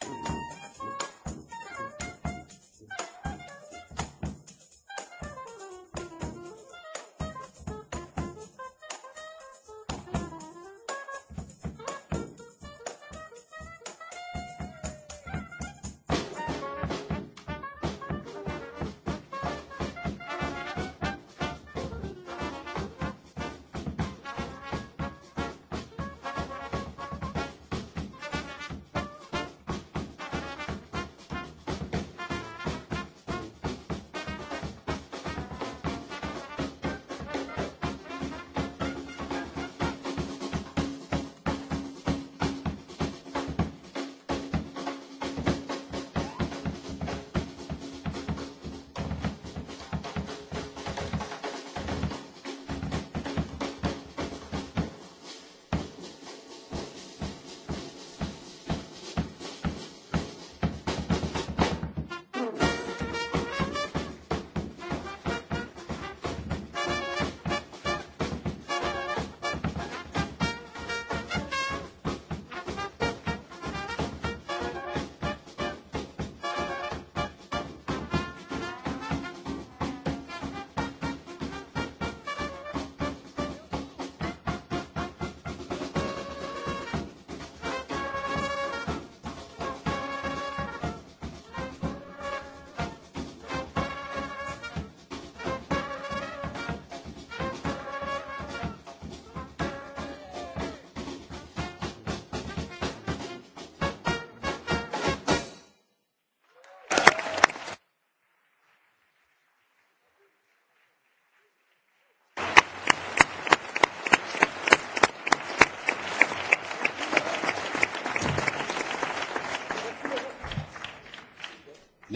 Thank you.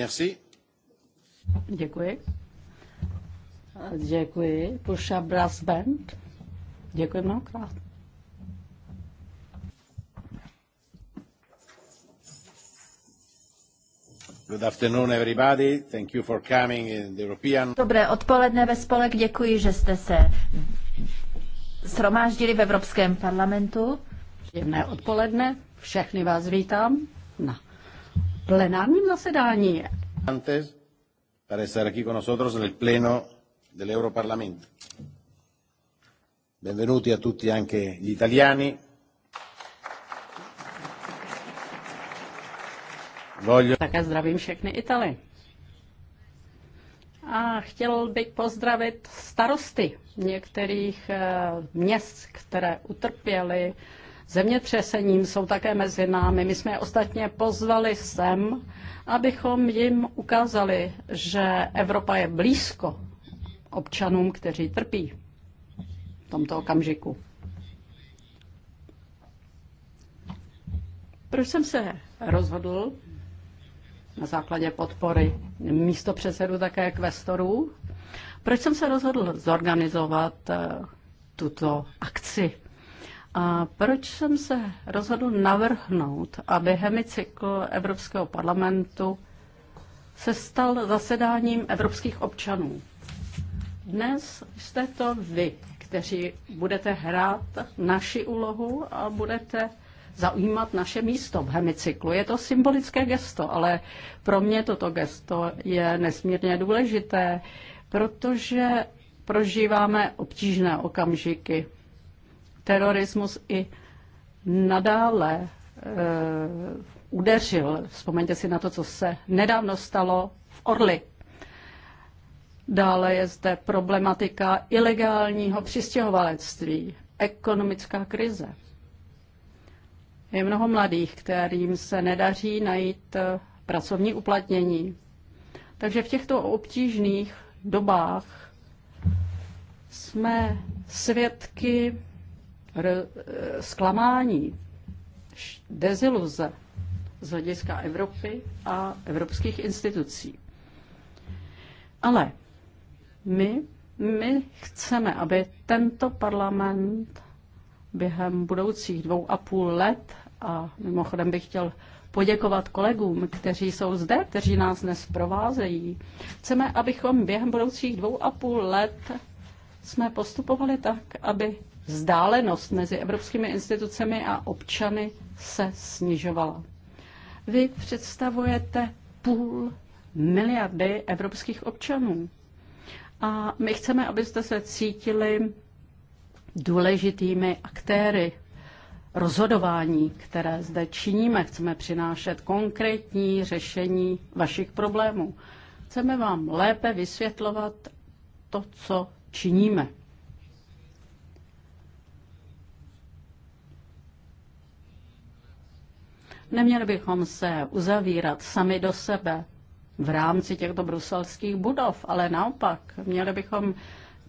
Merci. Děkuji. Děkuji. Puša Brass Band. Děkuji mnohokrát. Dobré odpoledne ve spolek, děkuji, že jste se shromáždili v Evropském parlamentu. Příjemné odpoledne, všechny vás vítám plenárním zasedání. Antes, para estar aquí con nosotros en el pleno del Europarlamento. Benvenuti a tutti anche gli italiani. Voglio... Také zdravím všechny Italy. A chtěl bych pozdravit starosty některých eh, měst, které utrpěly zemětřesením jsou také mezi námi. My jsme je ostatně pozvali sem, abychom jim ukázali, že Evropa je blízko občanům, kteří trpí v tomto okamžiku. Proč jsem se rozhodl na základě podpory místo předsedu také kvestorů? Proč jsem se rozhodl zorganizovat eh, tuto akci a proč jsem se rozhodl navrhnout, aby hemicykl Evropského parlamentu se stal zasedáním evropských občanů? Dnes jste to vy, kteří budete hrát naši úlohu a budete zaujímat naše místo v hemicyklu. Je to symbolické gesto, ale pro mě toto gesto je nesmírně důležité, protože prožíváme obtížné okamžiky terorismus i nadále e, udeřil. Vzpomeňte si na to, co se nedávno stalo v Orli. Dále je zde problematika ilegálního přistěhovalectví, ekonomická krize. Je mnoho mladých, kterým se nedaří najít eh, pracovní uplatnění. Takže v těchto obtížných dobách jsme svědky E, zklamání, deziluze z hlediska Evropy a evropských institucí. Ale my, my chceme, aby tento parlament během budoucích dvou a půl let, a mimochodem bych chtěl poděkovat kolegům, kteří jsou zde, kteří nás dnes provázejí. Chceme, abychom během budoucích dvou a půl let jsme postupovali tak, aby vzdálenost mezi evropskými institucemi a občany se snižovala. Vy představujete půl miliardy evropských občanů. A my chceme, abyste se cítili důležitými aktéry rozhodování, které zde činíme. Chceme přinášet konkrétní řešení vašich problémů. Chceme vám lépe vysvětlovat to, co činíme. Neměli bychom se uzavírat sami do sebe v rámci těchto bruselských budov, ale naopak měli bychom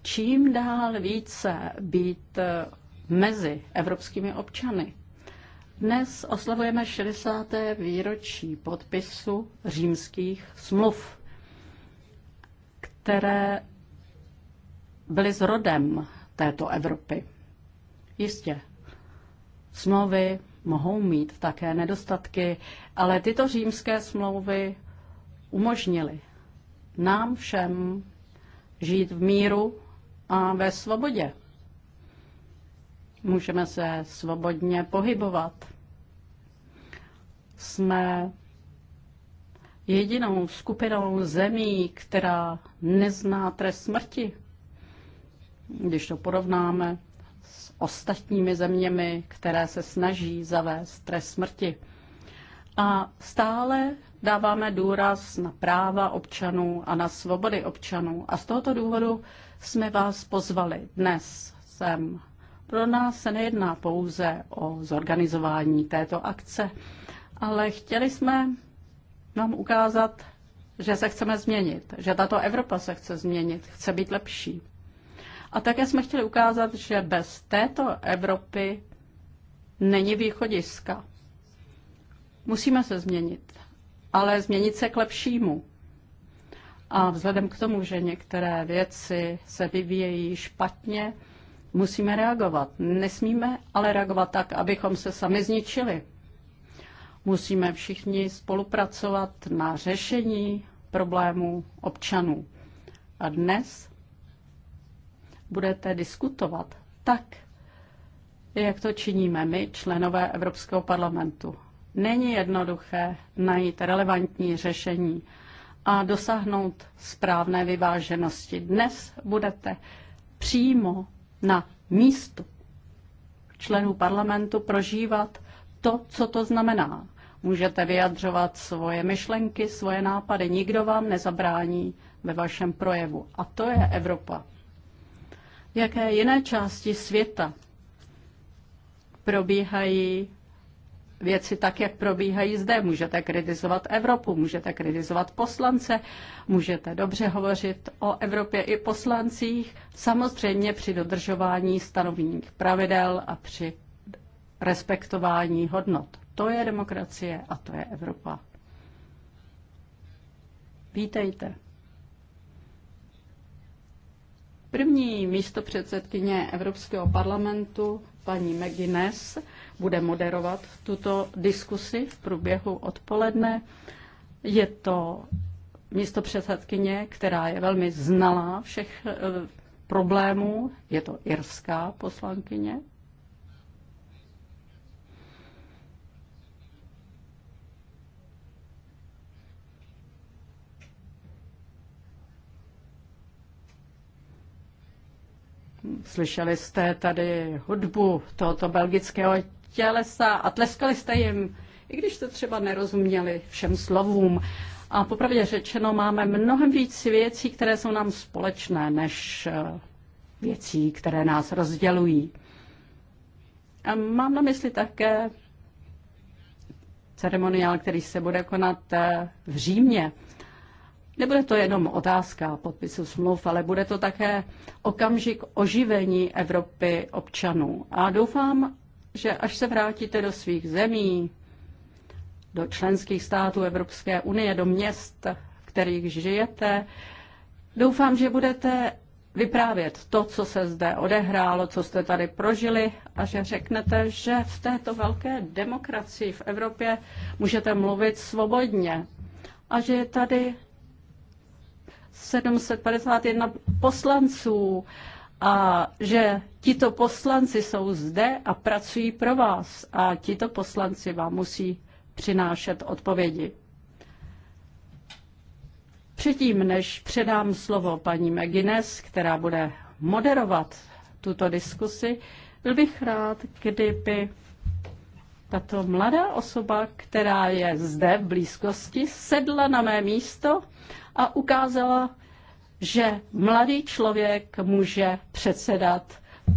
čím dál více být eh, mezi evropskými občany. Dnes oslavujeme 60. výročí podpisu římských smluv, které byly zrodem této Evropy. Jistě, smlouvy mohou mít také nedostatky, ale tyto římské smlouvy umožnily nám všem žít v míru a ve svobodě. Můžeme se svobodně pohybovat. Jsme jedinou skupinou zemí, která nezná trest smrti. Když to porovnáme ostatními zeměmi, které se snaží zavést trest smrti. A stále dáváme důraz na práva občanů a na svobody občanů. A z tohoto důvodu jsme vás pozvali dnes sem. Pro nás se nejedná pouze o zorganizování této akce, ale chtěli jsme vám ukázat, že se chceme změnit, že tato Evropa se chce změnit, chce být lepší. A také jsme chtěli ukázat, že bez této Evropy není východiska. Musíme se změnit, ale změnit se k lepšímu. A vzhledem k tomu, že některé věci se vyvíjejí špatně, musíme reagovat. Nesmíme ale reagovat tak, abychom se sami zničili. Musíme všichni spolupracovat na řešení problémů občanů. A dnes budete diskutovat tak, jak to činíme my, členové Evropského parlamentu. Není jednoduché najít relevantní řešení a dosáhnout správné vyváženosti. Dnes budete přímo na místu členů parlamentu prožívat to, co to znamená. Můžete vyjadřovat svoje myšlenky, svoje nápady. Nikdo vám nezabrání ve vašem projevu. A to je Evropa jaké jiné části světa probíhají věci tak, jak probíhají zde. Můžete kritizovat Evropu, můžete kritizovat poslance, můžete dobře hovořit o Evropě i poslancích, samozřejmě při dodržování stanovních pravidel a při respektování hodnot. To je demokracie a to je Evropa. Vítejte. První místo předsedkyně Evropského parlamentu paní McGuinness bude moderovat tuto diskusi v průběhu odpoledne. Je to místo předsedkyně, která je velmi znalá všech eh, problémů. Je to irská poslankyně, Slyšeli jste tady hudbu tohoto belgického tělesa a tleskali jste jim, i když jste třeba nerozuměli všem slovům. A popravdě řečeno, máme mnohem víc věcí, které jsou nám společné, než eh, věcí, které nás rozdělují. A mám na mysli také ceremoniál, který se bude konat eh, v Římě. Nebude to jenom otázka podpisu smluv, ale bude to také okamžik oživení Evropy občanů. A doufám, že až se vrátíte do svých zemí, do členských států Evropské unie, do měst, v kterých žijete, doufám, že budete vyprávět to, co se zde odehrálo, co jste tady prožili a že řeknete, že v této velké demokracii v Evropě můžete mluvit svobodně a že je tady 751 poslanců a že tito poslanci jsou zde a pracují pro vás a tito poslanci vám musí přinášet odpovědi. Předtím, než předám slovo paní McGuinness, která bude moderovat tuto diskusi, byl bych rád, kdyby tato mladá osoba, která je zde v blízkosti, sedla na mé místo a ukázala, že mladý člověk může předsedat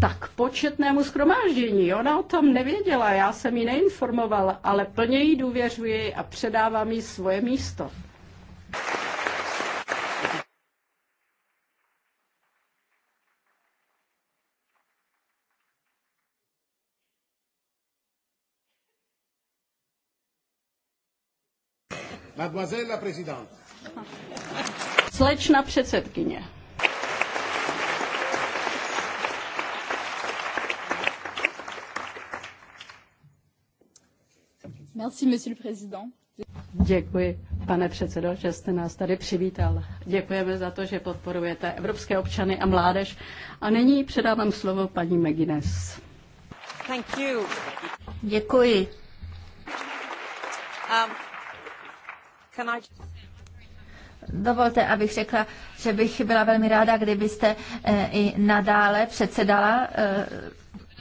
tak početnému schromáždění. Ona o tom nevěděla, já jsem ji neinformovala, ale plně jí důvěřuji a předávám jí svoje místo. Mademoiselle la Présidente, Slečna předsedkyně. Merci, monsieur le président. Děkuji, pane předsedo, že jste nás tady přivítal. Děkujeme za to, že podporujete evropské občany a mládež. A nyní předávám slovo paní McGuinness. Thank you. Děkuji. Um, can I... Dovolte, abych řekla, že bych byla velmi ráda, kdybyste eh, i nadále předsedala eh,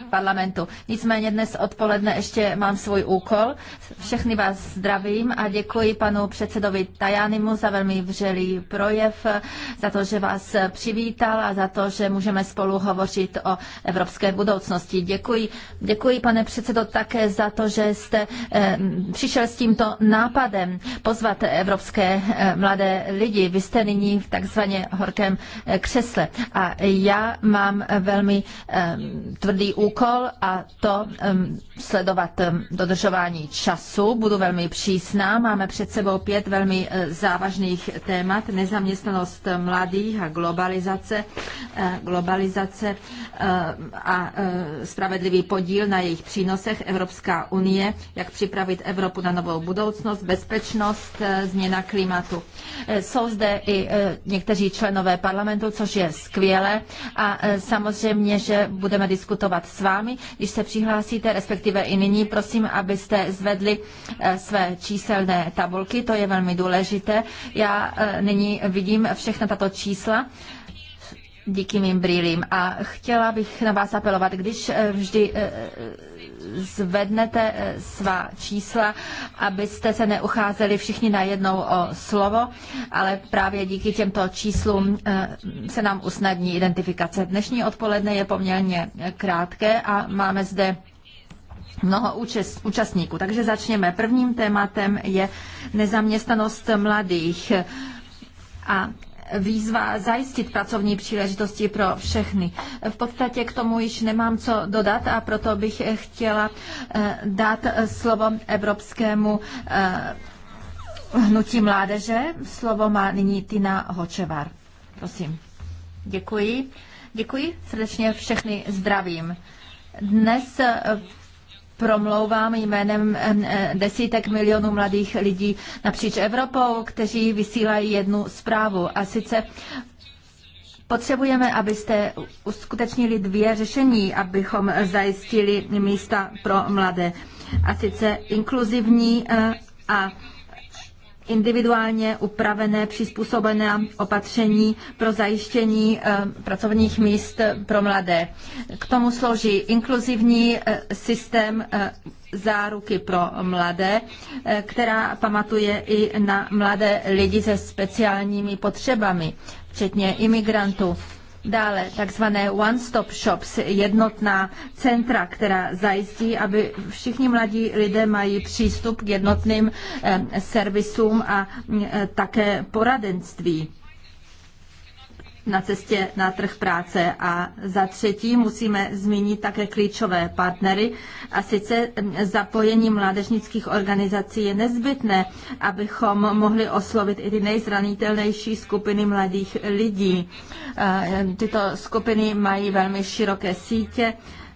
parlamentu. Nicméně dnes odpoledne ještě mám svůj úkol. Všechny vás zdravím a děkuji panu předsedovi Tajanimu za velmi vřelý projev, za to, že vás přivítal a za to, že můžeme spolu hovořit o evropské budoucnosti. Děkuji, děkuji pane předsedo, také za to, že jste eh, přišel s tímto nápadem pozvat evropské eh, mladé lidi. Vy jste nyní v takzvaně horkém eh, křesle a já mám velmi eh, tvrdý úkol úkol a to sledovat dodržování času. Budu velmi přísná. Máme před sebou pět velmi e, závažných témat. Nezaměstnanost mladých a globalizace, e, globalizace e, a spravedlivý podíl na jejich přínosech Evropská unie, jak připravit Evropu na novou budoucnost, bezpečnost, změna klimatu. Jsou zde i někteří členové parlamentu, což je skvělé a samozřejmě, že budeme diskutovat s vámi, když se přihlásíte, respektive i nyní, prosím, abyste zvedli eh, své číselné tabulky, to je velmi důležité. Já eh, nyní vidím všechna tato čísla díky mým brýlím a chtěla bych na vás apelovat, když eh, vždy zvednete eh, svá čísla, abyste se neucházeli všichni najednou o slovo, ale právě díky těmto číslům eh, se nám usnadní identifikace. Dnešní odpoledne je poměrně eh, krátké a máme zde mnoho účast, účastníků. Takže začněme. Prvním tématem je nezaměstnanost mladých. A výzva zajistit pracovní příležitosti pro všechny. V podstatě k tomu již nemám co dodat a proto bych chtěla eh, dát slovo Evropskému eh, hnutí mládeže. Slovo má nyní Tina Hočevar. Prosím. Děkuji. Děkuji. Srdečně všechny zdravím. Dnes eh, promlouvám jménem eh, eh, desítek milionů mladých lidí napříč Evropou, kteří vysílají jednu zprávu. A sice Potřebujeme, abyste uskutečnili dvě řešení, abychom zajistili místa pro mladé. A sice inkluzivní eh, a individuálně upravené, přizpůsobené opatření pro zajištění eh, pracovních míst pro mladé. K tomu slouží inkluzivní eh, systém eh, záruky pro mladé, která pamatuje i na mladé lidi se speciálními potřebami, včetně imigrantů. Dále takzvané one-stop shops, jednotná centra, která zajistí, aby všichni mladí lidé mají přístup k jednotným eh, servisům a eh, také poradenství na cestě na trh práce. A za třetí musíme zmínit také klíčové partnery. A sice zapojení mládežnických organizací je nezbytné, abychom mohli oslovit i ty nejzranitelnější skupiny mladých lidí. Eh, tyto skupiny mají velmi široké sítě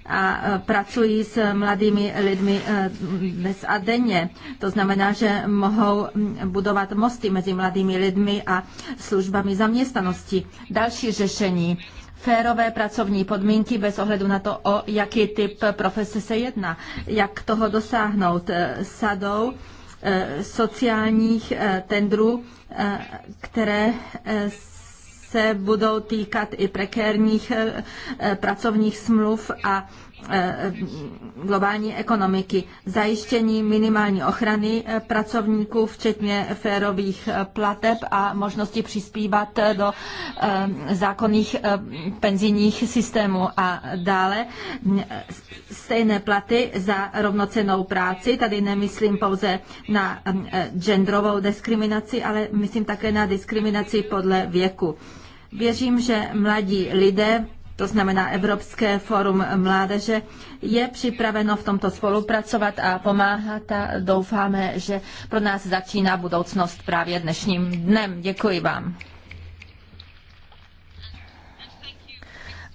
a e, pracují s mladými lidmi e, dnes a denně. To znamená, že mohou budovat mosty mezi mladými lidmi a službami zaměstnanosti. Další řešení férové pracovní podmínky bez ohledu na to, o jaký typ profese se jedná. Jak toho dosáhnout e, sadou sociálních tendrů, které se budou týkat i prekérních eh, pracovních smluv a Eh, globální ekonomiky, zajištění minimální ochrany eh, pracovníků, včetně férových eh, plateb a možnosti přispívat do zákonných penzijních systémů a dále stejné platy za rovnocenou práci. Tady nemyslím pouze na genderovou diskriminaci, ale myslím také na diskriminaci podle věku. Věřím, že mladí lidé to znamená Evropské fórum mládeže, je připraveno v tomto spolupracovat a pomáhat a doufáme, že pro nás začíná budoucnost právě dnešním dnem. Děkuji vám.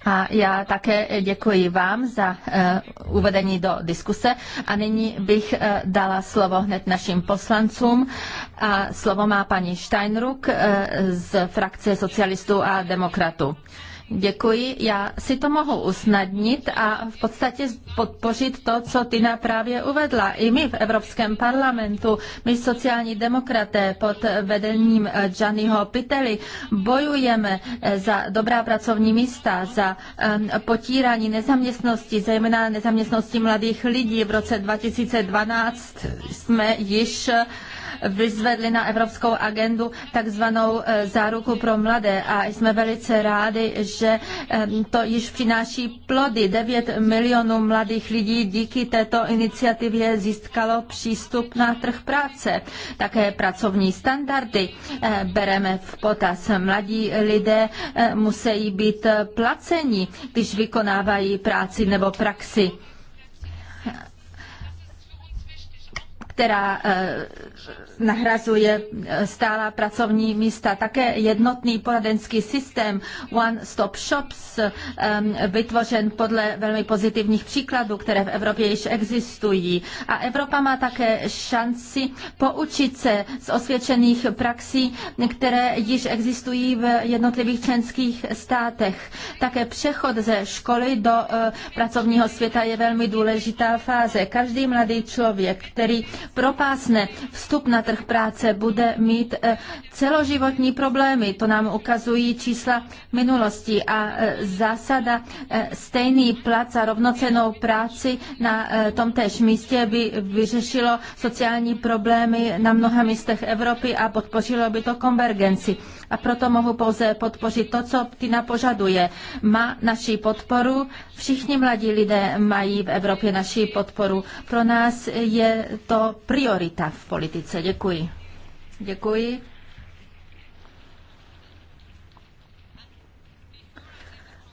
A já také děkuji vám za uh, uvedení do diskuse a nyní bych uh, dala slovo hned našim poslancům. A slovo má paní Steinruck uh, z frakce socialistů a demokratů. Děkuji. Já si to mohu usnadnit a v podstatě podpořit to, co Tina právě uvedla. I my v Evropském parlamentu, my sociální demokraté pod vedením eh, Gianniho Piteli bojujeme eh, za dobrá pracovní místa, za eh, potírání nezaměstnosti, zejména nezaměstnosti mladých lidí. V roce 2012 jsme již vyzvedli na evropskou agendu takzvanou eh, záruku pro mladé a jsme velice rádi, že eh, to již přináší plody. 9 milionů mladých lidí díky této iniciativě získalo přístup na trh práce. Také pracovní standardy eh, bereme v potaz. Mladí lidé musí být placeni, když vykonávají práci nebo praxi. která eh, nahrazuje eh, stálá pracovní místa. Také jednotný poradenský systém One Stop Shops ehm, vytvořen podle velmi pozitivních příkladů, které v Evropě již existují. A Evropa má také šanci poučit se z osvědčených praxí, které již existují v jednotlivých členských státech. Také přechod ze školy do eh, pracovního světa je velmi důležitá fáze. Každý mladý člověk, který propásne vstup na trh práce, bude mít e, celoživotní problémy. To nám ukazují čísla minulosti a e, zásada e, stejný plat za rovnocenou práci na tom též místě by vyřešilo sociální problémy na mnoha místech Evropy a podpořilo by to konvergenci a proto mohu pouze podpořit to, co Tina požaduje. Má naši podporu, všichni mladí lidé mají v Evropě naši podporu. Pro nás je to priorita v politice. Děkuji. Děkuji.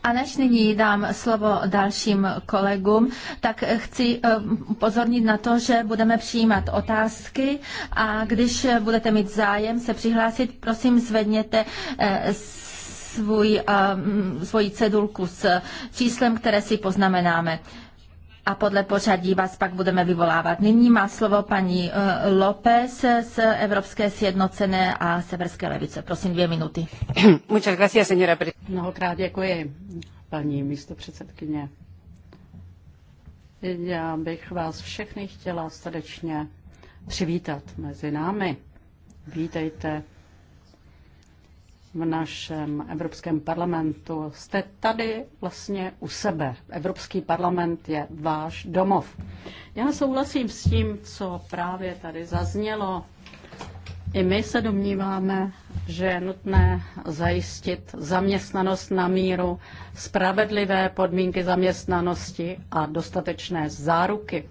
A než nyní dám slovo dalším kolegům, tak chci eh, upozornit na to, že budeme přijímat otázky a když budete mít zájem se přihlásit, prosím zvedněte eh, svůj, eh, svoji cedulku s číslem, které si poznamenáme a podle pořadí vás pak budeme vyvolávat. Nyní má slovo paní eh, López z Evropské sjednocené a Severské levice. Prosím dvě minuty. Muchas gracias, señora. Mnohokrát děkuji, paní místo předsedkyně. Já bych vás všechny chtěla srdečně přivítat mezi námi. Vítejte v našem Evropském parlamentu. Jste tady vlastně u sebe. Evropský parlament je váš domov. Já souhlasím s tím, co právě tady zaznělo. I my se domníváme, že je nutné zajistit zaměstnanost na míru, spravedlivé podmínky zaměstnanosti a dostatečné záruky.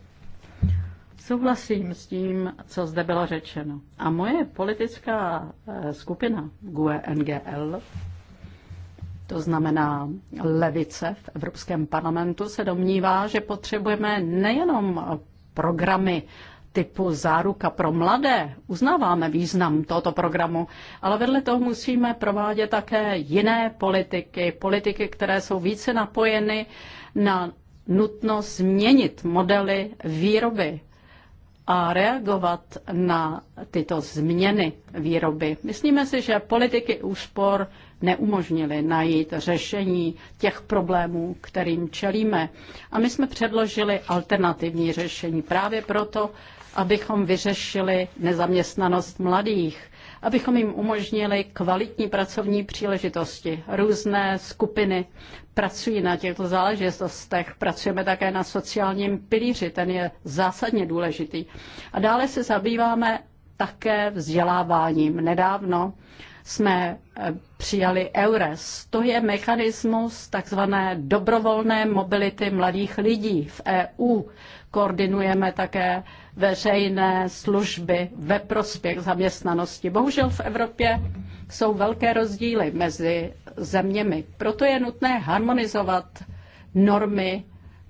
Souhlasím s tím, co zde bylo řečeno. A moje politická eh, skupina GUE NGL, to znamená levice v Evropském parlamentu, se domnívá, že potřebujeme nejenom programy typu záruka pro mladé, uznáváme význam tohoto programu, ale vedle toho musíme provádět také jiné politiky, politiky, které jsou více napojeny na nutnost změnit modely výroby a reagovat na tyto změny výroby. Myslíme si, že politiky úspor neumožnily najít řešení těch problémů, kterým čelíme. A my jsme předložili alternativní řešení právě proto, abychom vyřešili nezaměstnanost mladých abychom jim umožnili kvalitní pracovní příležitosti. Různé skupiny pracují na těchto záležitostech. Pracujeme také na sociálním pilíři, ten je zásadně důležitý. A dále se zabýváme také vzděláváním. Nedávno jsme eh, přijali EURES. To je mechanismus takzvané dobrovolné mobility mladých lidí v EU. Koordinujeme také veřejné služby ve prospěch zaměstnanosti. Bohužel v Evropě jsou velké rozdíly mezi zeměmi. Proto je nutné harmonizovat normy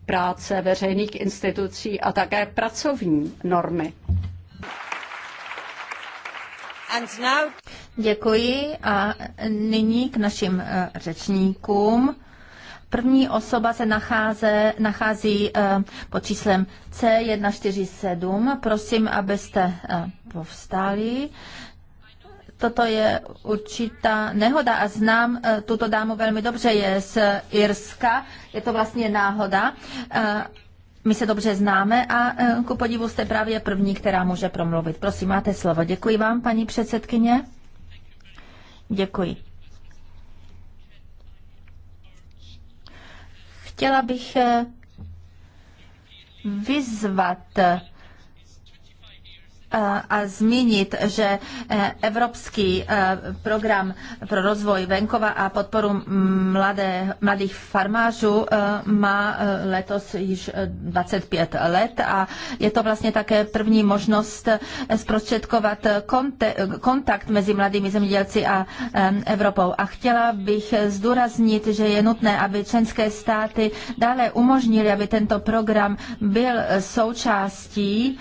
práce veřejných institucí a také pracovní normy. Děkuji a nyní k našim eh, řečníkům. První osoba se nacháze, nachází eh, pod číslem C147. Prosím, abyste eh, povstali. Toto je určitá nehoda a znám eh, tuto dámu velmi dobře, je z Irska, je to vlastně náhoda. My se dobře známe a ku podivu jste právě první, která může promluvit. Prosím, máte slovo. Děkuji vám, paní předsedkyně. Děkuji. Chtěla bych eh, vyzvat a zmínit, že eh, Evropský eh, program pro rozvoj venkova a podporu mladé, mladých farmářů eh, má letos již 25 let a je to vlastně také první možnost zprostředkovat kontakt mezi mladými zemědělci a Evropou. A chtěla bych zdůraznit, že je nutné, aby členské státy dále umožnili, aby tento program byl součástí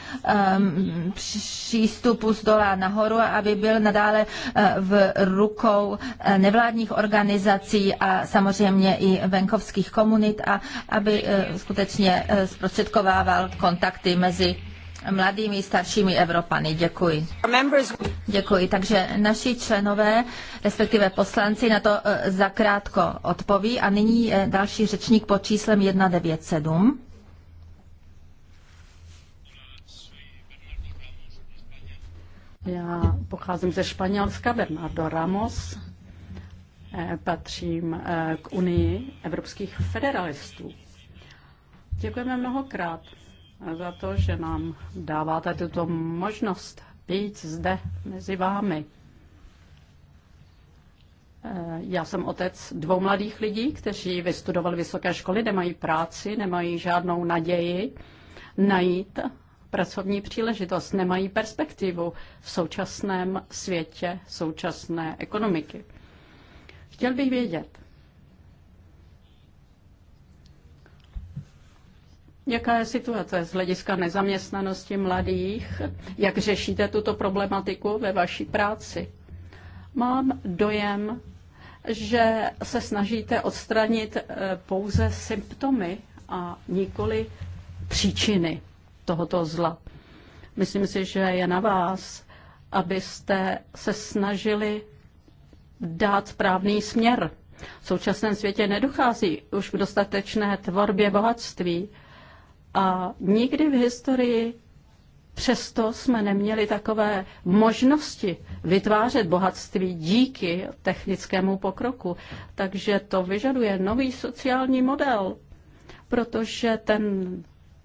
um, přístupu z dola nahoru, aby byl nadále eh, v rukou eh, nevládních organizací a samozřejmě i venkovských komunit a aby eh, skutečně zprostředkovával kontakty mezi mladými staršími Evropany. Děkuji. Děkuji. Takže naši členové, respektive poslanci, na to zakrátko odpoví. A nyní další řečník pod číslem 197. Já pocházím ze Španělska, Bernardo Ramos. Eh, patřím eh, k Unii evropských federalistů. Děkujeme mnohokrát eh, za to, že nám dáváte tuto možnost být zde mezi vámi. Já jsem otec dvou mladých lidí, kteří vystudovali vysoké školy, nemají práci, nemají žádnou naději najít pracovní příležitost, nemají perspektivu v současném světě, současné ekonomiky. Chtěl bych vědět, Jaká je situace z hlediska nezaměstnanosti mladých? Jak řešíte tuto problematiku ve vaší práci? Mám dojem, že se snažíte odstranit eh, pouze symptomy a nikoli příčiny tohoto zla. Myslím si, že je na vás, abyste se snažili dát správný směr. V současném světě nedochází už k dostatečné tvorbě bohatství a nikdy v historii přesto jsme neměli takové možnosti vytvářet bohatství díky technickému pokroku. Takže to vyžaduje nový sociální model, protože ten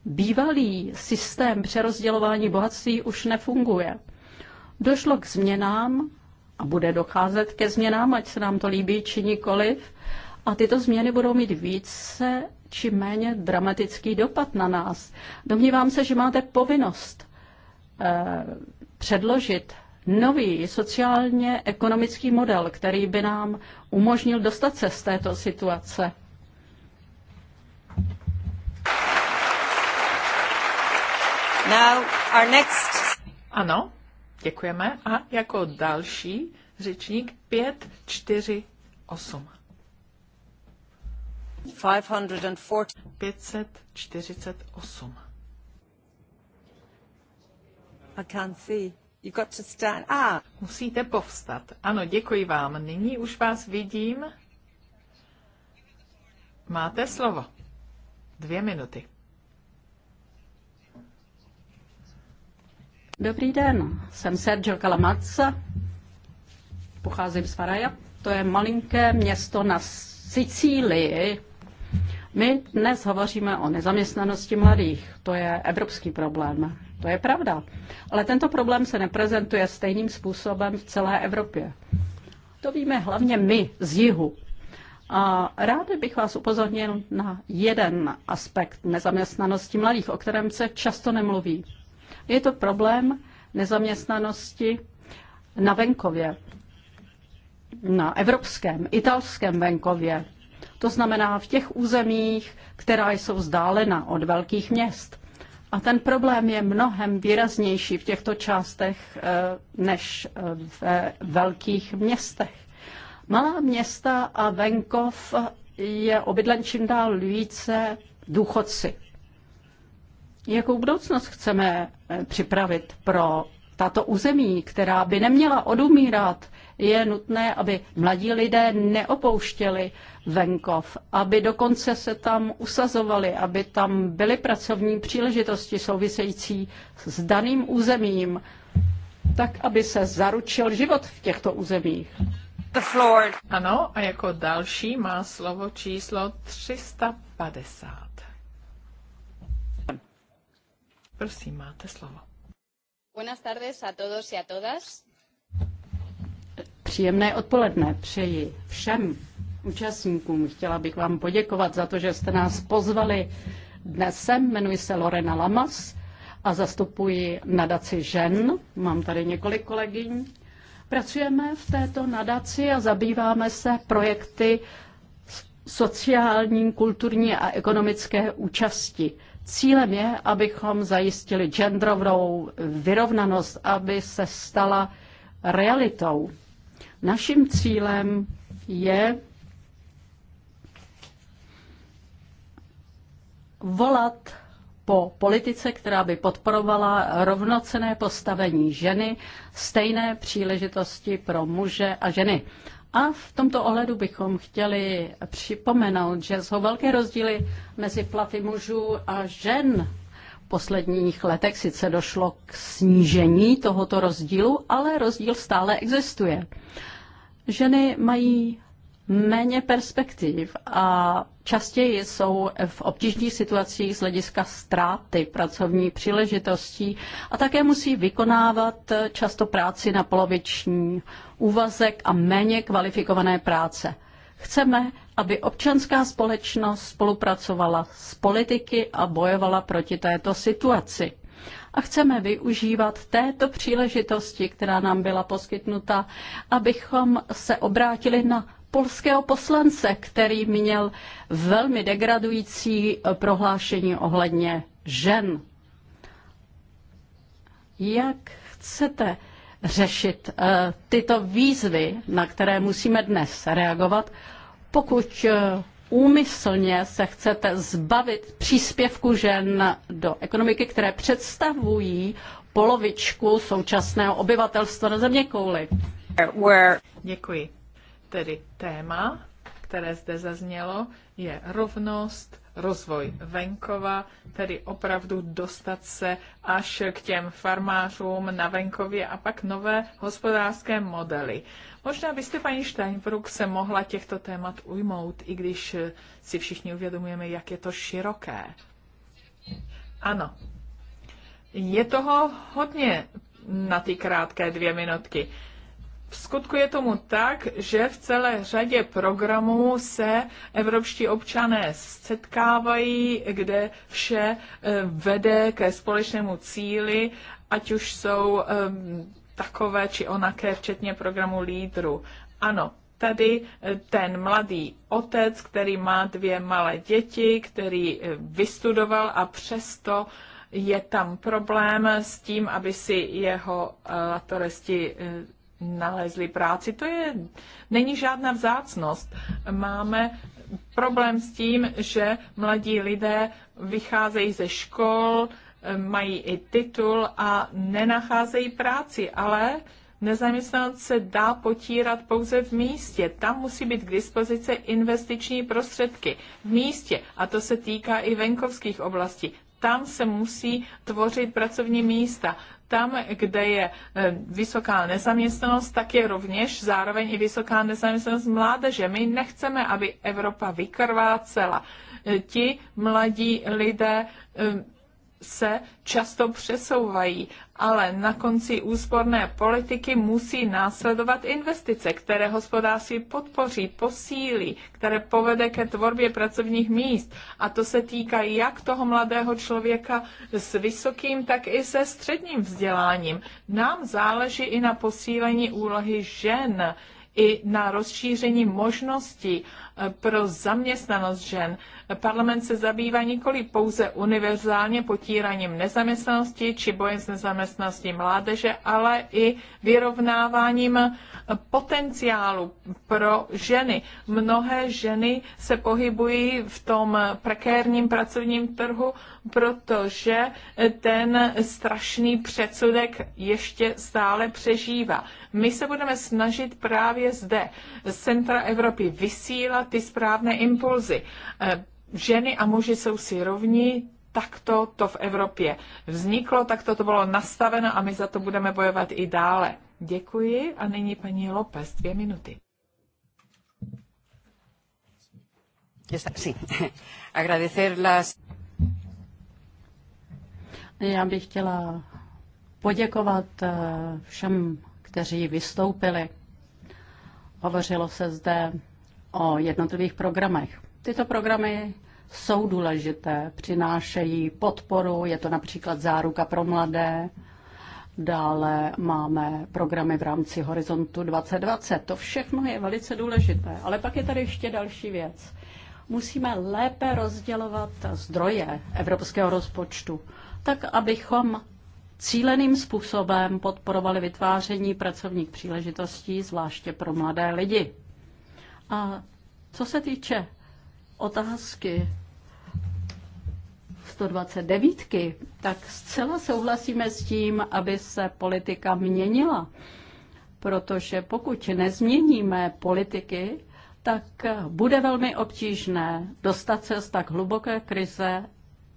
bývalý systém přerozdělování bohatství už nefunguje. Došlo k změnám a bude docházet ke změnám, ať se nám to líbí či nikoliv. A tyto změny budou mít více či méně dramatický dopad na nás. Domnívám se, že máte povinnost eh, předložit nový sociálně-ekonomický model, který by nám umožnil dostat se z této situace. Now our next... Ano, děkujeme. A jako další řečník 548. 548. I can't see. You've got to stand. Ah. Musíte povstat. Ano, děkuji vám. Nyní už vás vidím. Máte slovo. Dvě minuty. Dobrý den, jsem Sergio Calamazza, pocházím z Faraja, to je malinké město na Sicílii. My dnes hovoříme o nezaměstnanosti mladých, to je evropský problém, to je pravda. Ale tento problém se neprezentuje stejným způsobem v celé Evropě. To víme hlavně my z jihu, a rád bych vás upozornil na jeden aspekt nezaměstnanosti mladých, o kterém se často nemluví. Je to problém nezaměstnanosti na venkově, na evropském, italském venkově. To znamená v těch územích, která jsou vzdálena od velkých měst. A ten problém je mnohem výraznější v těchto částech eh, než eh, ve velkých městech. Malá města a venkov je obydlen čím dál více důchodci. Jakou budoucnost chceme eh, připravit pro tato území, která by neměla odumírat, je nutné, aby mladí lidé neopouštěli venkov, aby dokonce se tam usazovali, aby tam byly pracovní příležitosti související s daným územím, tak aby se zaručil život v těchto územích. The floor. Ano, a jako další má slovo číslo 350. Prosím, máte slovo. Buenas tardes a todos y a todas. Příjemné odpoledne přeji všem účastníkům. Chtěla bych vám poděkovat za to, že jste nás pozvali dnes sem. Jmenuji se Lorena Lamas a zastupuji nadaci žen. Mám tady několik kolegyň. Pracujeme v této nadaci a zabýváme se projekty sociální, kulturní a ekonomické účasti Cílem je, abychom zajistili genderovou vyrovnanost, aby se stala realitou. Naším cílem je volat po politice, která by podporovala rovnocené postavení ženy, stejné příležitosti pro muže a ženy. A v tomto ohledu bychom chtěli připomenout, že jsou velké rozdíly mezi platy mužů a žen. V posledních letech sice došlo k snížení tohoto rozdílu, ale rozdíl stále existuje. Ženy mají méně perspektiv a častěji jsou v obtížných situacích z hlediska ztráty pracovní příležitostí a také musí vykonávat často práci na poloviční úvazek a méně kvalifikované práce. Chceme, aby občanská společnost spolupracovala s politiky a bojovala proti této situaci. A chceme využívat této příležitosti, která nám byla poskytnuta, abychom se obrátili na polského poslance, který měl velmi degradující eh, prohlášení ohledně žen. Jak chcete řešit eh, tyto výzvy, na které musíme dnes reagovat, pokud eh, úmyslně se chcete zbavit příspěvku žen do ekonomiky, které představují polovičku současného obyvatelstva na země kouli. Děkuji. Tedy téma, které zde zaznělo, je rovnost, rozvoj venkova, tedy opravdu dostat se až k těm farmářům na venkově a pak nové hospodářské modely. Možná byste, paní Steinbruck, se mohla těchto témat ujmout, i když si všichni uvědomujeme, jak je to široké. Ano. Je toho hodně na ty krátké dvě minutky. V skutku je tomu tak, že v celé řadě programů se evropští občané setkávají, kde vše eh, vede ke společnému cíli, ať už jsou ehm, takové či onaké, včetně programu lídru. Ano, tady eh, ten mladý otec, který má dvě malé děti, který eh, vystudoval a přesto je tam problém s tím, aby si jeho latoresti nalezli práci. To je, není žádná vzácnost. Máme problém s tím, že mladí lidé vycházejí ze škol, mají i titul a nenacházejí práci, ale Nezaměstnanost se dá potírat pouze v místě. Tam musí být k dispozici investiční prostředky. V místě, a to se týká i venkovských oblastí, tam se musí tvořit pracovní místa tam, kde je eh, vysoká nezaměstnanost, tak je rovněž zároveň i vysoká nezaměstnanost mládeže. My nechceme, aby Evropa vykrvácela. Eh, ti mladí lidé eh, se často přesouvají, ale na konci úsporné politiky musí následovat investice, které hospodářství podpoří, posílí, které povede ke tvorbě pracovních míst. A to se týká jak toho mladého člověka s vysokým, tak i se středním vzděláním. Nám záleží i na posílení úlohy žen, i na rozšíření možností eh, pro zaměstnanost žen Parlament se zabývá nikoli pouze univerzálně potíraním nezaměstnanosti či bojem s nezaměstnaností mládeže, ale i vyrovnáváním potenciálu pro ženy. Mnohé ženy se pohybují v tom prekérním pracovním trhu, protože ten strašný předsudek ještě stále přežívá. My se budeme snažit právě zde z centra Evropy vysílat ty správné impulzy ženy a muži jsou si rovni, takto to v Evropě vzniklo, takto to bylo nastaveno a my za to budeme bojovat i dále. Děkuji a nyní paní López, dvě minuty. Já bych chtěla poděkovat eh, všem, kteří vystoupili. Hovořilo se zde o jednotlivých programech. Tyto programy jsou důležité, přinášejí podporu, je to například záruka pro mladé, dále máme programy v rámci Horizontu 2020. To všechno je velice důležité, ale pak je tady ještě další věc. Musíme lépe rozdělovat zdroje evropského rozpočtu, tak abychom cíleným způsobem podporovali vytváření pracovních příležitostí, zvláště pro mladé lidi. A co se týče otázky 129, tak zcela souhlasíme s tím, aby se politika měnila. Protože pokud nezměníme politiky, tak bude velmi obtížné dostat se z tak hluboké krize,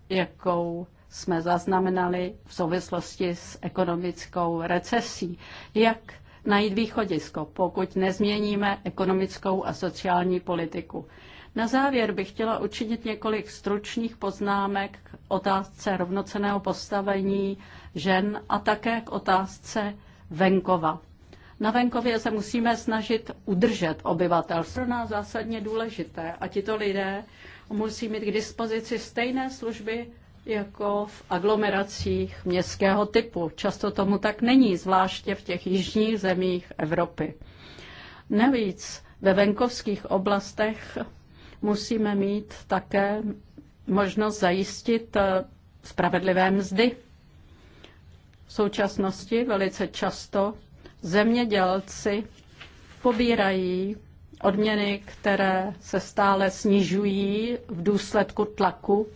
jakou jsme zaznamenali v souvislosti s ekonomickou recesí. Jak najít východisko, pokud nezměníme ekonomickou a sociální politiku? Na závěr bych chtěla učinit několik stručných poznámek k otázce rovnoceného postavení žen a také k otázce venkova. Na venkově se musíme snažit udržet obyvatelstvo. Pro nás zásadně důležité a tito lidé musí mít k dispozici stejné služby jako v aglomeracích městského typu. Často tomu tak není, zvláště v těch jižních zemích Evropy. Navíc ve venkovských oblastech musíme mít také možnost zajistit eh, spravedlivé mzdy. V současnosti velice často zemědělci pobírají odměny, které se stále snižují v důsledku tlaku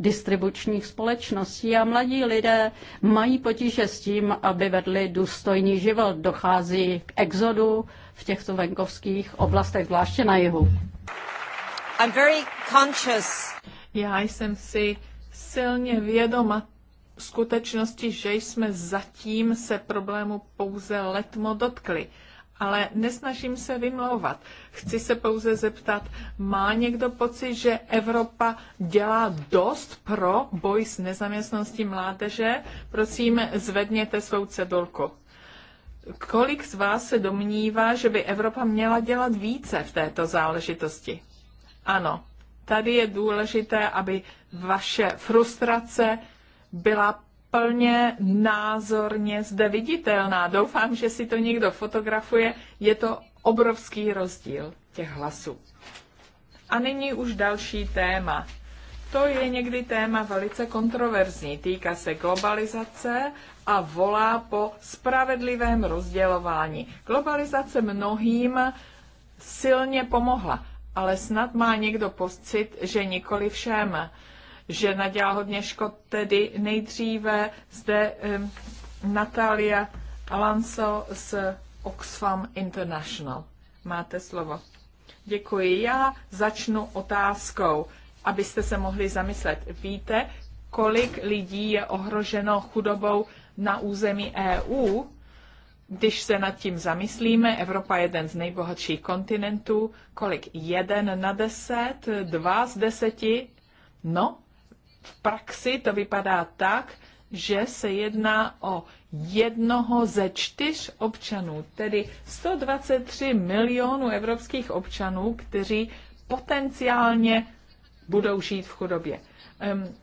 distribučních společností a mladí lidé mají potíže s tím, aby vedli důstojný život. Dochází k exodu v těchto venkovských oblastech, zvláště na jihu. I'm very conscious. Já jsem si silně vědoma skutečnosti, že jsme zatím se problému pouze letmo dotkli. Ale nesnažím se vymlouvat. Chci se pouze zeptat, má někdo pocit, že Evropa dělá dost pro boj s nezaměstnaností mládeže? Prosím, zvedněte svou cedulku. Kolik z vás se domnívá, že by Evropa měla dělat více v této záležitosti? Ano, tady je důležité, aby vaše frustrace byla plně názorně zde viditelná. Doufám, že si to někdo fotografuje. Je to obrovský rozdíl těch hlasů. A nyní už další téma. To je někdy téma velice kontroverzní. Týká se globalizace a volá po spravedlivém rozdělování. Globalizace mnohým silně pomohla ale snad má někdo pocit, že nikoli všem, že nadělá hodně škod, tedy nejdříve zde um, Natalia Alonso z Oxfam International. Máte slovo. Děkuji. Já začnu otázkou, abyste se mohli zamyslet. Víte, kolik lidí je ohroženo chudobou na území EU? Když se nad tím zamyslíme, Evropa je jeden z nejbohatších kontinentů. Kolik? Jeden na deset? Dva z deseti? No, v praxi to vypadá tak, že se jedná o jednoho ze čtyř občanů, tedy 123 milionů evropských občanů, kteří potenciálně budou žít v chudobě. Ehm,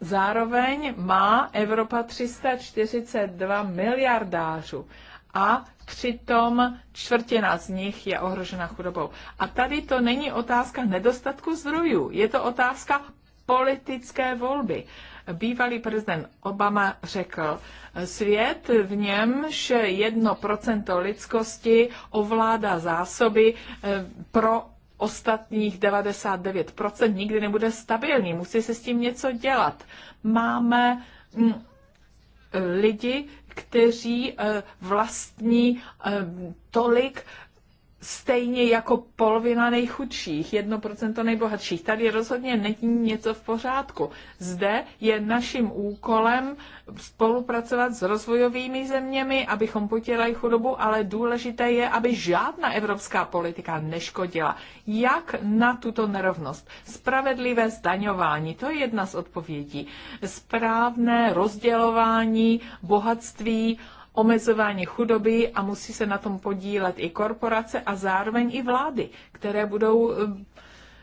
zároveň má Evropa 342 miliardářů a přitom čtvrtina z nich je ohrožena chudobou. A tady to není otázka nedostatku zdrojů, je to otázka politické volby. Bývalý prezident Obama řekl, svět v němž jedno procento lidskosti ovládá zásoby eh, pro ostatních 99% nikdy nebude stabilní. Musí se s tím něco dělat. Máme hm, lidi, kteří eh, vlastní eh, tolik stejně jako polovina nejchudších, 1% nejbohatších. Tady rozhodně není něco v pořádku. Zde je naším úkolem spolupracovat s rozvojovými zeměmi, abychom potírali chudobu, ale důležité je, aby žádná evropská politika neškodila. Jak na tuto nerovnost? Spravedlivé zdaňování, to je jedna z odpovědí. Správné rozdělování bohatství, omezování chudoby a musí se na tom podílet i korporace a zároveň i vlády, které budou eh,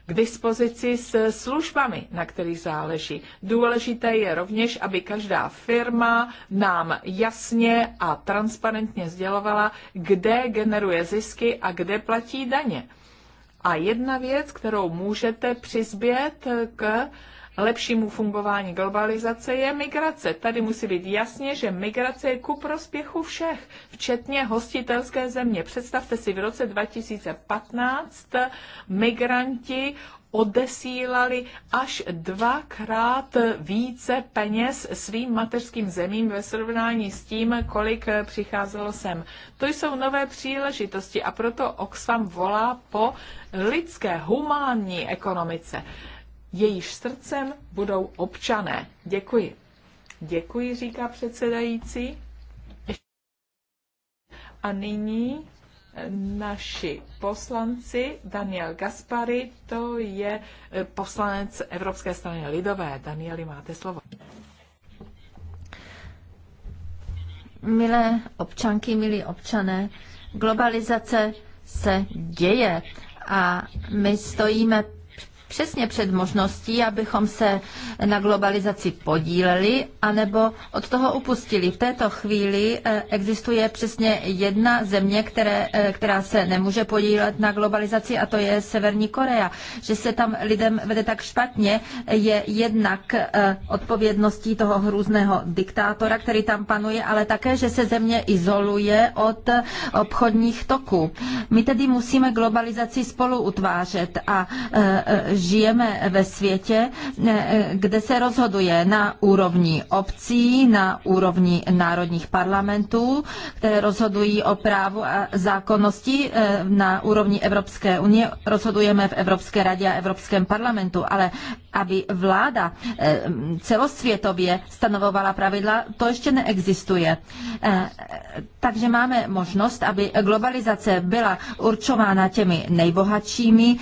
k dispozici s službami, na kterých záleží. Důležité je rovněž, aby každá firma nám jasně a transparentně sdělovala, kde generuje zisky a kde platí daně. A jedna věc, kterou můžete přizbět k lepšímu fungování globalizace je migrace. Tady musí být jasně, že migrace je ku prospěchu všech, včetně hostitelské země. Představte si, v roce 2015 migranti odesílali až dvakrát více peněz svým mateřským zemím ve srovnání s tím, kolik přicházelo sem. To jsou nové příležitosti a proto Oxfam volá po lidské, humánní ekonomice jejíž srdcem budou občané. Děkuji. Děkuji, říká předsedající. A nyní eh, naši poslanci Daniel Gaspari, to je eh, poslanec Evropské strany lidové. Danieli, máte slovo. Milé občanky, milí občané, globalizace se děje a my stojíme přesně před možností, abychom se na globalizaci podíleli anebo od toho upustili. V této chvíli eh, existuje přesně jedna země, které, eh, která se nemůže podílet na globalizaci a to je Severní Korea. Že se tam lidem vede tak špatně, je jednak eh, odpovědností toho hrůzného diktátora, který tam panuje, ale také, že se země izoluje od obchodních toků. My tedy musíme globalizaci spolu utvářet a žijeme ve světě, kde se rozhoduje na úrovni obcí, na úrovni národních parlamentů, které rozhodují o právu a zákonnosti eh, na úrovni Evropské unie. Rozhodujeme v Evropské radě a Evropském parlamentu, ale aby vláda eh, celosvětově stanovovala pravidla, to ještě neexistuje. Eh, takže máme možnost, aby globalizace byla určována těmi nejbohatšími,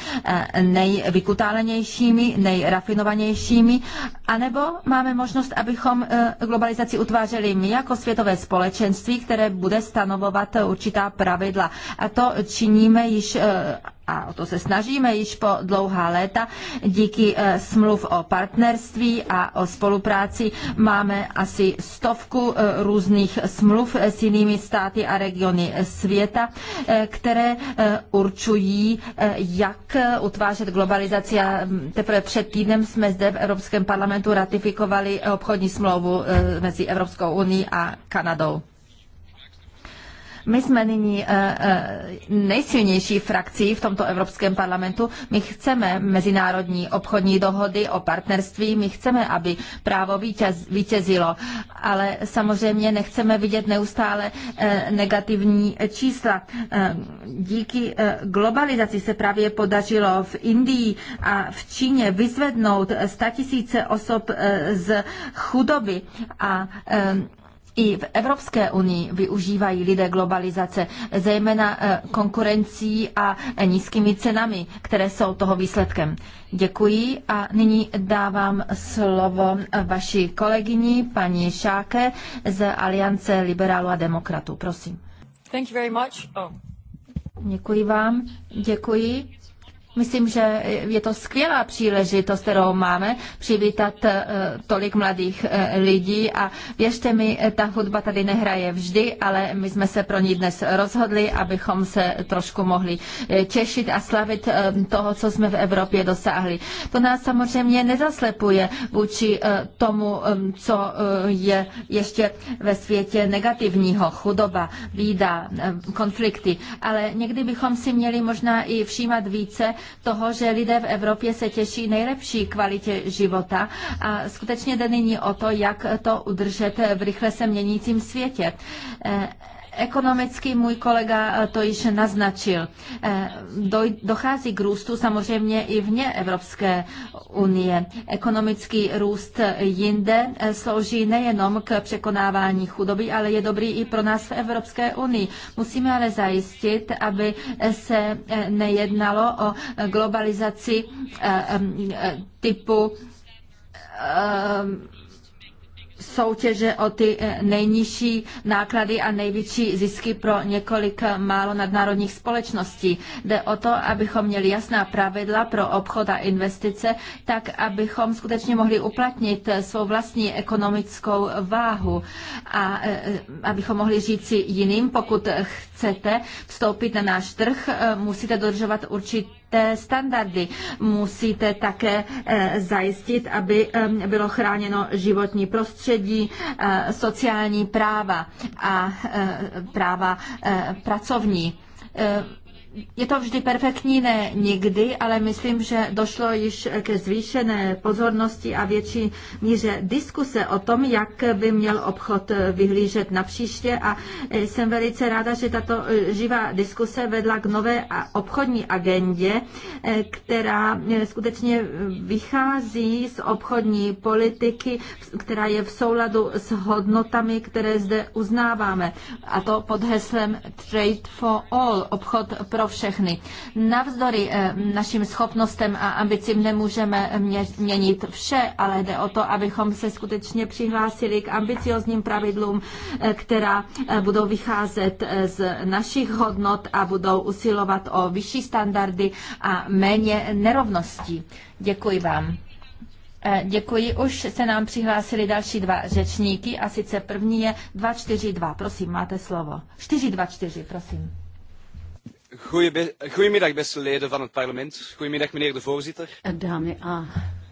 nejvykutá vzdálenějšími, nejrafinovanějšími, anebo máme možnost, abychom eh, globalizaci utvářeli my jako světové společenství, které bude stanovovat eh, určitá pravidla. A to činíme již eh, a o to se snažíme již po dlouhá léta. Díky eh, smluv o partnerství a o spolupráci máme asi stovku eh, různých smluv eh, s jinými státy a regiony světa, které určují, jak utvářet globalizaci. A mm, teprve před týdnem jsme zde v Evropském parlamentu ratifikovali obchodní smlouvu mezi Evropskou unii a Kanadou. My jsme nyní eh, eh, nejsilnější frakcí v tomto Evropském parlamentu. My chceme mezinárodní obchodní dohody o partnerství, my chceme, aby právo vítěz, vítězilo, ale samozřejmě nechceme vidět neustále eh, negativní čísla. Díky globalizaci se právě podařilo v Indii a v Číně vyzvednout statisíce osob z chudoby a i v Evropské unii využívají lidé globalizace, zejména eh, konkurencí a eh, nízkými cenami, které jsou toho výsledkem. Děkuji a nyní dávám slovo eh, vaší kolegyni, paní Šáke z Aliance liberálů a demokratů. Prosím. Thank you very much. Oh. Děkuji vám. Děkuji. Myslím, že je to skvělá příležitost, kterou máme, přivítat eh, tolik mladých eh, lidí a věřte mi, eh, ta hudba tady nehraje vždy, ale my jsme se pro ní dnes rozhodli, abychom se trošku mohli těšit a slavit toho, co jsme v Evropě dosáhli. To nás samozřejmě nezaslepuje vůči tomu, co je ještě ve světě negativního, chudoba, bída, konflikty, ale někdy bychom si měli možná i všímat více, toho, že lidé v Evropě se těší nejlepší kvalitě života a skutečně jde nyní o to, jak to udržet v rychle se měnícím světě. Eh, Ekonomicky můj kolega eh, to již naznačil. Eh, dochází k růstu samozřejmě i vně Evropské unie. Ekonomický růst jinde eh, slouží nejenom k překonávání chudoby, ale je dobrý i pro nás v Evropské unii. Musíme ale zajistit, aby se nejednalo o globalizaci typu soutěže o ty eh, nejnižší náklady a největší zisky pro několik eh, málo nadnárodních společností. Jde o to, abychom měli jasná pravidla pro obchod a investice, tak abychom skutečně mohli uplatnit eh, svou vlastní ekonomickou váhu a abychom mohli si jiným, pokud chcete vstoupit na náš trh, musíte dodržovat určitý té standardy. Musíte také eh, zajistit, aby eh, bylo chráněno životní prostředí, eh, sociální práva a práva pracovní je to vždy perfektní, ne nikdy, ale myslím, že došlo již ke zvýšené pozornosti a větší míře diskuse o tom, jak by měl obchod vyhlížet na příště a e, jsem velice ráda, že tato e, živá diskuse vedla k nové obchodní agendě, e, která skutečně vychází z obchodní politiky, která je v souladu s hodnotami, které zde uznáváme a to pod heslem Trade for All, obchod pro pro všechny. Navzdory eh, našim schopnostem a ambicím nemůžeme měnit vše, ale jde o to, abychom se skutečně přihlásili k ambiciozním pravidlům, eh, která eh, budou vycházet z našich hodnot a budou usilovat o vyšší standardy a méně nerovností. Děkuji vám. Děkuji. Už se nám přihlásili další dva řečníky a sice první je 242. Prosím, máte slovo. 424, prosím. Goedemiddag, beste leden van het parlement. Goedemiddag, meneer de voorzitter. Dámy a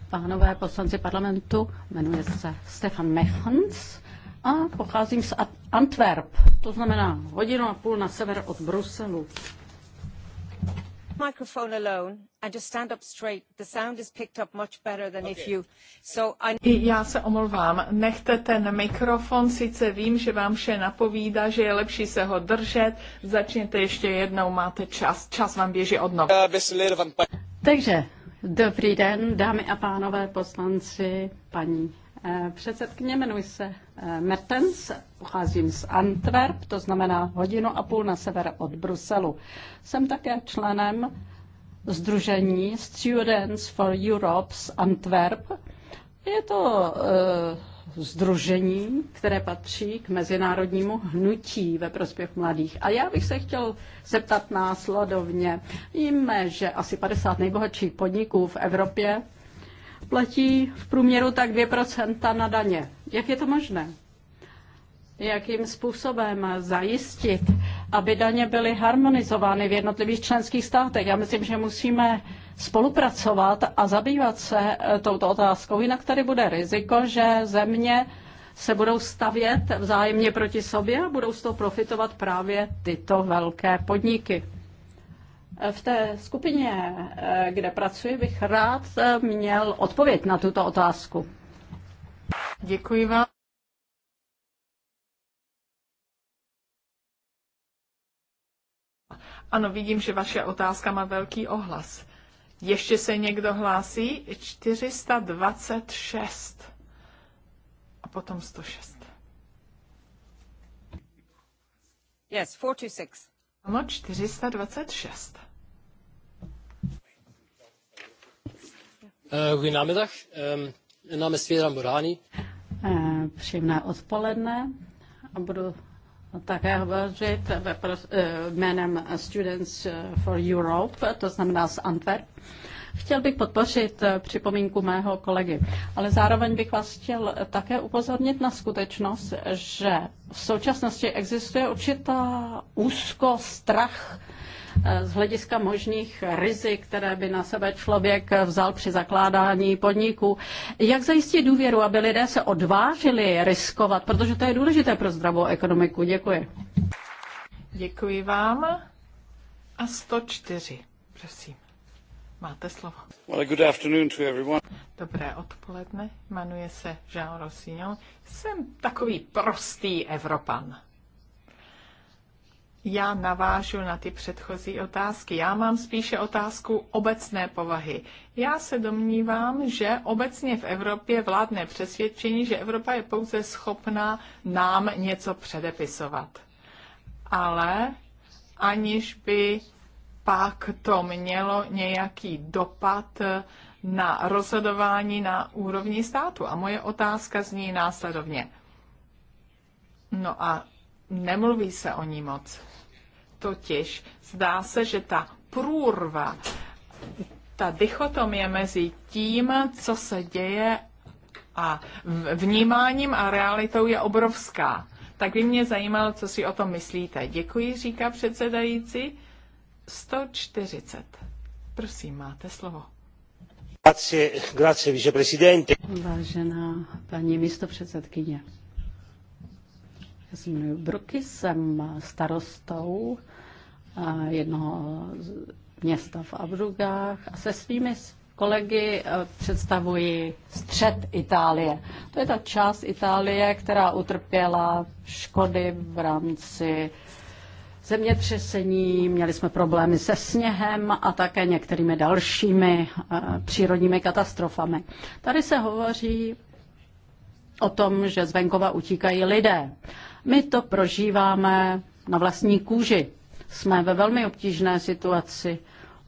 pánové poslanci parlamentu, jmenuji se Stefan Mechans a pocházím z Antwerp, to znamená hodinu a půl na sever od Bruselu microphone alone and just stand up straight. The sound is picked up much better than okay. if you. So I... Já se omlouvám. Nechte ten mikrofon. Sice vím, že vám vše napovídá, že je lepší se ho držet. Začněte ještě jednou. Máte čas. Čas vám běží od nové. Takže dobrý den, dámy a pánové, poslanci, paní předsedkyně, jmenuji se eh, Mertens, pocházím z Antwerp, to znamená hodinu a půl na sever od Bruselu. Jsem také členem Združení Students for Europe z Antwerp. Je to uh, združení, které patří k mezinárodnímu hnutí ve prospěch mladých. A já bych se chtěl zeptat následovně. Víme, že asi 50 nejbohatších podniků v Evropě platí v průměru tak 2% na daně. Jak je to možné? Jakým způsobem zajistit, aby daně byly harmonizovány v jednotlivých členských státech? Já myslím, že musíme spolupracovat a zabývat se eh, touto otázkou. Jinak tady bude riziko, že země se budou stavět vzájemně proti sobě a budou z toho profitovat právě tyto velké podniky. V té skupině, eh, kde pracuji, bych rád eh, měl odpověď na tuto otázku. Děkuji vám. Ano, vidím, že vaše otázka má velký ohlas. Ještě se někdo hlásí? 426 a potom 106. Yes, 426. Ano, 426. Goedenamiddag, mijn naam is Vedra Morani. Příjemné odpoledne a budu také hovořit eh, jménem Students for Europe, to znamená z Antwerp. Chtěl bych podpořit eh, připomínku mého kolegy, ale zároveň bych vás chtěl eh, také upozornit na skutečnost, že v současnosti existuje určitá úzko, strach eh, z hlediska možných rizik, které by na sebe člověk vzal při zakládání podniku. Jak zajistit důvěru, aby lidé se odvážili riskovat, protože to je důležité pro zdravou ekonomiku. Děkuji. Děkuji vám. A 104, prosím. Máte slovo. Well, good afternoon to everyone. Dobré odpoledne, jmenuje se Jean Rossignol. Jsem takový prostý Evropan. Já navážu na ty předchozí otázky. Já mám spíše otázku obecné povahy. Já se domnívám, že obecně v Evropě vládne přesvědčení, že Evropa je pouze schopná nám něco předepisovat. Ale aniž by pak to mělo nějaký dopad na rozhodování na úrovni státu. A moje otázka zní následovně. No a nemluví se o ní moc. Totiž zdá se, že ta průrva, ta dichotomie mezi tím, co se děje a vnímáním a realitou je obrovská. Tak by mě zajímalo, co si o tom myslíte. Děkuji, říká předsedající. 140. Prosím, máte slovo. Grazie, grazie, viceprezidente. Vážená paní místopředsedkyně, já se jmenuji Bruky, jsem starostou jednoho města v Abrugách a se svými kolegy eh, představuji střed Itálie. To je ta část Itálie, která utrpěla škody v rámci zemětřesení, měli jsme problémy se sněhem a také některými dalšími eh, přírodními katastrofami. Tady se hovoří o tom, že z venkova utíkají lidé. My to prožíváme na vlastní kůži. Jsme ve velmi obtížné situaci.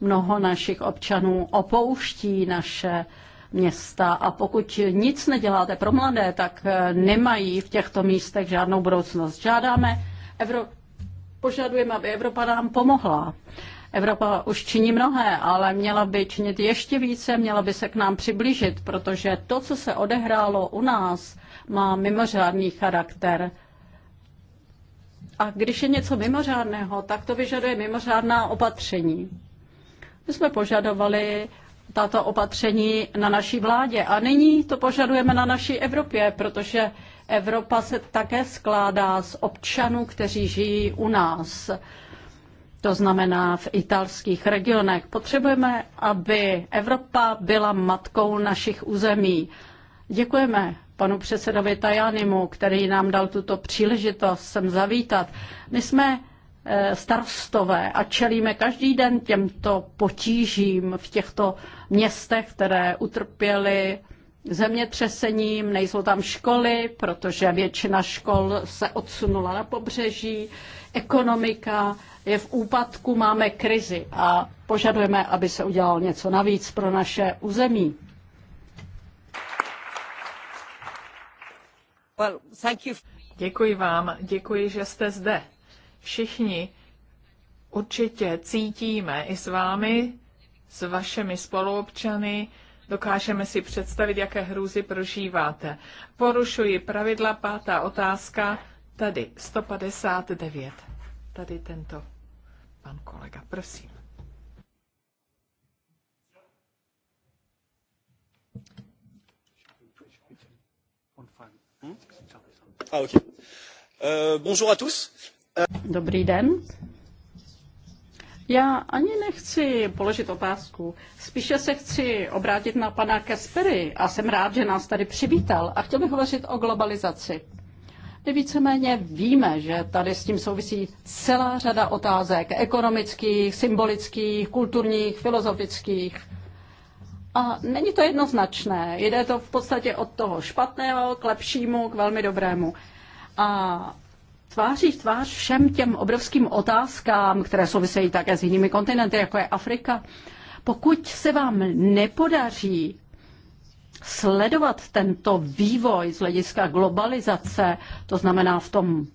Mnoho našich občanů opouští naše města a pokud nic neděláte pro mladé, tak eh, nemají v těchto místech žádnou budoucnost. Žádáme Evropu požadujeme, aby Evropa nám pomohla. Evropa už činí mnohé, ale měla by činit ještě více, měla by se k nám přiblížit, protože to, co se odehrálo u nás, má mimořádný charakter. A když je něco mimořádného, tak to vyžaduje mimořádná opatření. My jsme požadovali tato opatření na naší vládě a nyní to požadujeme na naší Evropě, protože Evropa se také skládá z občanů, kteří žijí u nás to znamená v italských regionech. Potřebujeme, aby Evropa byla matkou našich území. Děkujeme panu předsedovi Tajanimu, který nám dal tuto příležitost sem zavítat. My jsme eh, starostové a čelíme každý den těmto potížím v těchto městech, které utrpěly zemětřesením, nejsou tam školy, protože většina škol se odsunula na pobřeží, ekonomika je v úpadku, máme krizi a požadujeme, aby se udělalo něco navíc pro naše území. Well, thank you. Děkuji vám, děkuji, že jste zde. Všichni určitě cítíme i s vámi, s vašimi spoluobčany, Dokážeme si představit, jaké hrůzy prožíváte. Porušuji pravidla, pátá otázka, tady 159. Tady tento pan kolega, prosím. Ah, euh, euh, Dobrý den, já ani nechci položit otázku. Spíše se chci obrátit na pana Kespery a jsem rád, že nás tady přivítal a chtěl bych hovořit o globalizaci. My víceméně víme, že tady s tím souvisí celá řada otázek ekonomických, symbolických, kulturních, filozofických. A není to jednoznačné. Jde to v podstatě od toho špatného k lepšímu, k velmi dobrému. A tváří v tvář všem těm obrovským otázkám, které souvisejí také s jinými kontinenty, jako je Afrika. Pokud se vám nepodaří sledovat tento vývoj z hlediska globalizace, to znamená v tom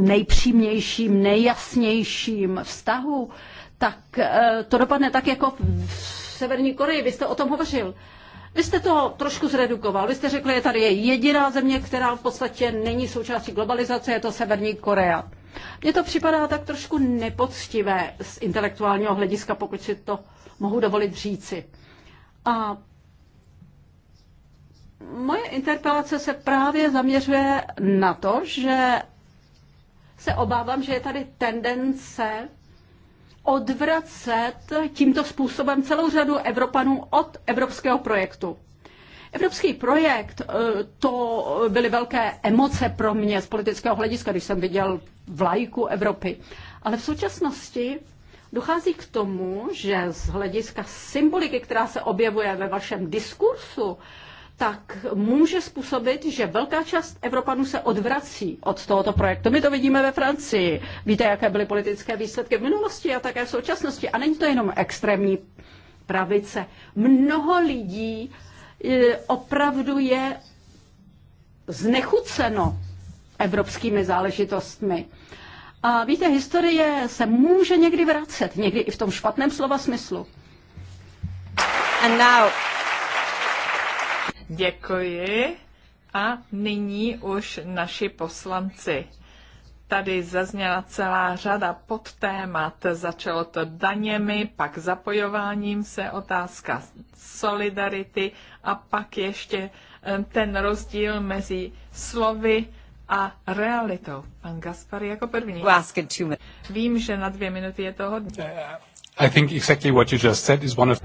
nejpřímějším, nejjasnějším vztahu, tak eh, to dopadne tak jako v Severní Koreji. Vy jste o tom hovořil. Vy jste to trošku zredukoval. Vy jste řekli, že tady je jediná země, která v podstatě není součástí globalizace, je to Severní Korea. Mně to připadá tak trošku nepoctivé z intelektuálního hlediska, pokud si to mohu dovolit říci. A moje interpelace se právě zaměřuje na to, že se obávám, že je tady tendence odvracet tímto způsobem celou řadu Evropanů od evropského projektu. Evropský projekt, eh, to byly velké emoce pro mě z politického hlediska, když jsem viděl vlajku Evropy. Ale v současnosti dochází k tomu, že z hlediska symboliky, která se objevuje ve vašem diskursu, tak může způsobit, že velká část Evropanů se odvrací od tohoto projektu. My to vidíme ve Francii. Víte, jaké byly politické výsledky v minulosti a také v současnosti. A není to jenom extrémní pravice. Mnoho lidí eh, opravdu je znechuceno evropskými záležitostmi. A víte, historie se může někdy vracet, někdy i v tom špatném slova smyslu. And now... Děkuji. A nyní už naši poslanci. Tady zazněla celá řada podtémat. Začalo to daněmi, pak zapojováním se otázka solidarity a pak ještě eh, ten rozdíl mezi slovy a realitou. Pan Gaspar jako první. Vím, že na dvě minuty je to hodně. Eh,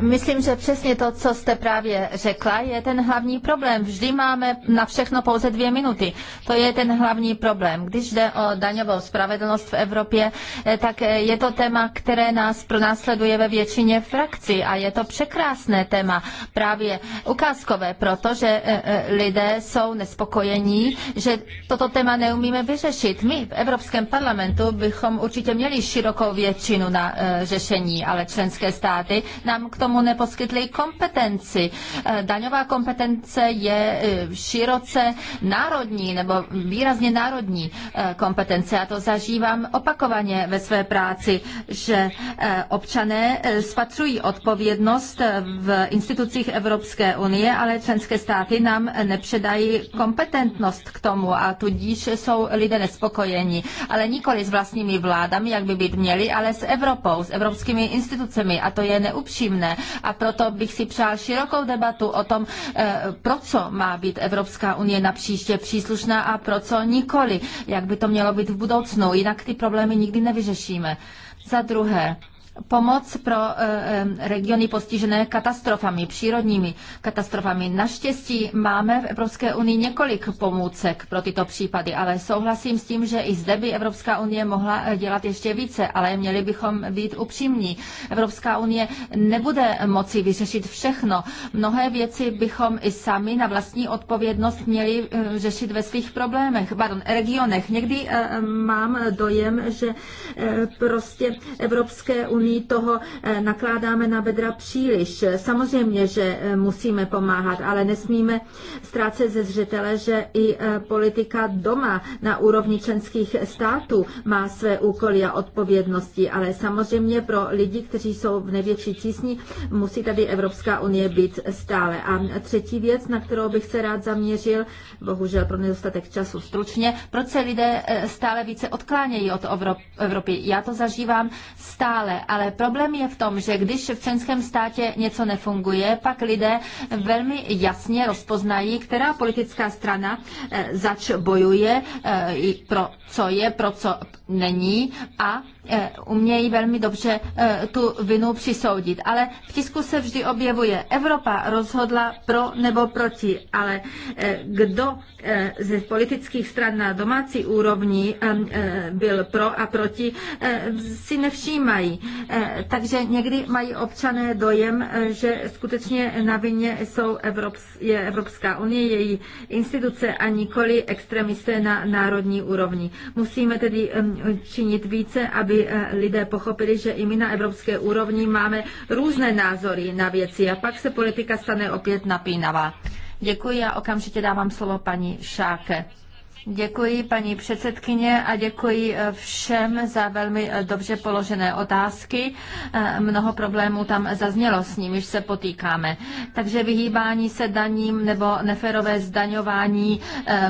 Myslím, že přesně to, co jste právě řekla, je ten hlavní problém. Vždy máme na všechno pouze dvě minuty. To je ten hlavní problém. Když jde o daňovou spravedlnost v Evropě, eh, tak eh, je to téma, které nás pronásleduje ve většině frakcí a je to překrásné téma, právě ukázkové, protože eh, lidé jsou nespokojení, že toto téma neumíme vyřešit. My v Evropském parlamentu bychom určitě měli širokou většinu na řešení ale členské státy nám k tomu neposkytly kompetenci. Eh, daňová kompetence je eh, široce národní nebo výrazně národní eh, kompetence. A to zažívám opakovaně ve své práci, že občané spatřují odpovědnost v institucích Evropské unie, ale členské státy nám nepředají kompetentnost k tomu a tudíž jsou lidé nespokojeni. Ale nikoli s vlastními vládami, jak by být měli, ale s Evropou, s evropskými institucemi a to je neupřímné. A proto bych si přál širokou debatu o tom, eh, pro co má být Evropská unie na příště příslušná a pro co nikoli, jak by to mělo být v budoucnu, jinak ty problémy nikdy nevyřešíme. Za druhé, pomoc pro eh, eh, regiony postižené katastrofami, přírodními katastrofami. Naštěstí máme v Evropské unii několik pomůcek pro tyto případy, ale souhlasím s tím, že i zde by Evropská unie mohla eh, dělat ještě více, ale měli bychom být upřímní. Evropská unie nebude moci vyřešit všechno. Mnohé věci bychom i sami na vlastní odpovědnost měli řešit ve svých problémech, pardon, regionech. Někdy mám dojem, že prostě Evropské unie my toho eh, nakládáme na bedra příliš. Samozřejmě, že eh, musíme pomáhat, ale nesmíme ztrácet ze zřetele, že i eh, politika doma na úrovni členských států má své úkoly a odpovědnosti, ale samozřejmě pro lidi, kteří jsou v největší tísni, musí tady Evropská unie být stále. A třetí věc, na kterou bych se rád zaměřil, bohužel pro nedostatek času stručně, proč se lidé stále více odklánějí od Evropy. Já to zažívám stále, ale ale problém je v tom, že když v členském státě něco nefunguje, pak lidé velmi jasně rozpoznají, která politická strana eh, zač bojuje, eh, pro co je, pro co není a Eh, umějí velmi dobře eh, tu vinu přisoudit. Ale v tisku se vždy objevuje, Evropa rozhodla pro nebo proti, ale eh, kdo ze politických stran na domácí úrovni byl pro a proti, si nevšímají. Takže někdy mají občané dojem, že skutečně na vině jsou Evrops, je Evropská unie, její instituce a nikoli extremisté na národní úrovni. Musíme tedy činit více, aby Eh, lidé pochopili, že i my na evropské úrovni máme různé názory na věci a pak se politika stane opět napínavá. Děkuji a okamžitě dávám slovo paní Šáke. Děkuji paní předsedkyně a děkuji eh, všem za velmi eh, dobře položené otázky. Eh, mnoho problémů tam zaznělo, s nimiž se potýkáme. Takže vyhýbání se daním nebo neférové zdaňování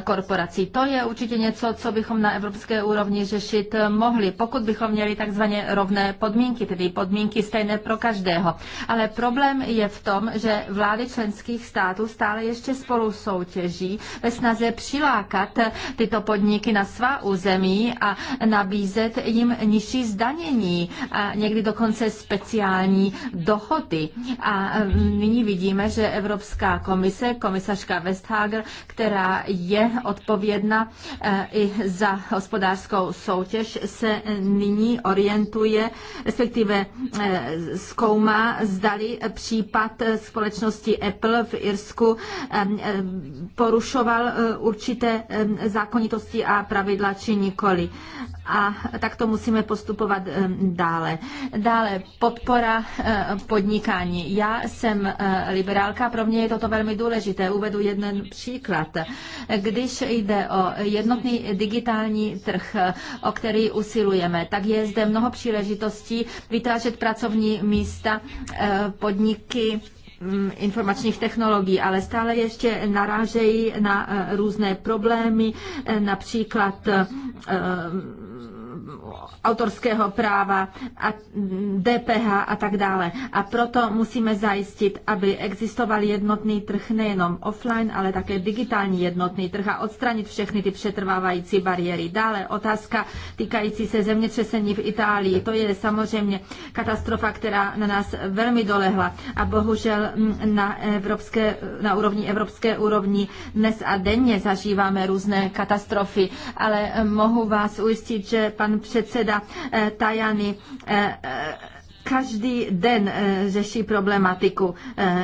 korporací. To je určitě něco, co bychom na evropské úrovni řešit mohli, pokud bychom měli takzvaně rovné podmínky, tedy podmínky stejné pro každého. Ale problém je v tom, že vlády členských států stále ještě spolu soutěží ve snaze přilákat tyto podniky na svá území a nabízet jim nižší zdanění a někdy dokonce speciální dohody. A mm, nyní vidíme, že Evropská komise, komisařka Westhager, která je odpovědna e, i za hospodářskou soutěž, se nyní orientuje, respektive e, zkoumá, zdali případ společnosti Apple v Irsku e, porušoval určité zákonitosti a pravidla či nikoli. A tak to musíme postupovat eh, dále. Dále podpora eh, podnikání. Já jsem eh, liberálka, pro mě je toto velmi důležité. Uvedu jeden příklad. Když jde o jednotný digitální trh, o který usilujeme, tak je zde mnoho příležitostí vytvářet pracovní místa, podniky, Mm, informačních technologií, ale stále ještě narážejí na eh, různé problémy, eh, například eh, autorského práva a DPH a tak dále. A proto musíme zajistit, aby existoval jednotný trh nejenom offline, ale také digitální jednotný trh a odstranit všechny ty přetrvávající bariéry. Dále otázka týkající se zemětřesení v Itálii. To je samozřejmě katastrofa, která na nás velmi dolehla a bohužel mm, na, evropské, na úrovni evropské úrovni dnes a denně zažíváme různé katastrofy, ale mm, mohu vás ujistit, že pan předseda eh, Tajany eh, eh, každý den řeší problematiku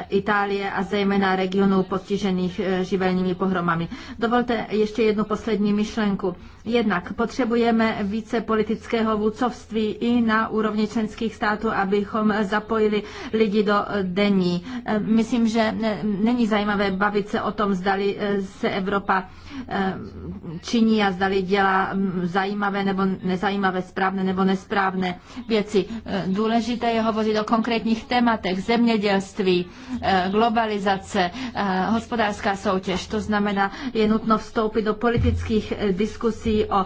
Itálie a zejména regionů postižených živelními pohromami. Dovolte ještě jednu poslední myšlenku. Jednak potřebujeme více politického vůcovství i na úrovni členských států, abychom zapojili lidi do denní. Myslím, že není zajímavé bavit se o tom, zdali se Evropa Eh, činí a zdali dělá mm, zajímavé nebo nezajímavé, správné nebo nesprávné věci. Eh, důležité je hovořit o konkrétních tématech, zemědělství, eh, globalizace, hospodářská soutěž. To znamená, je nutno vstoupit do politických diskusí o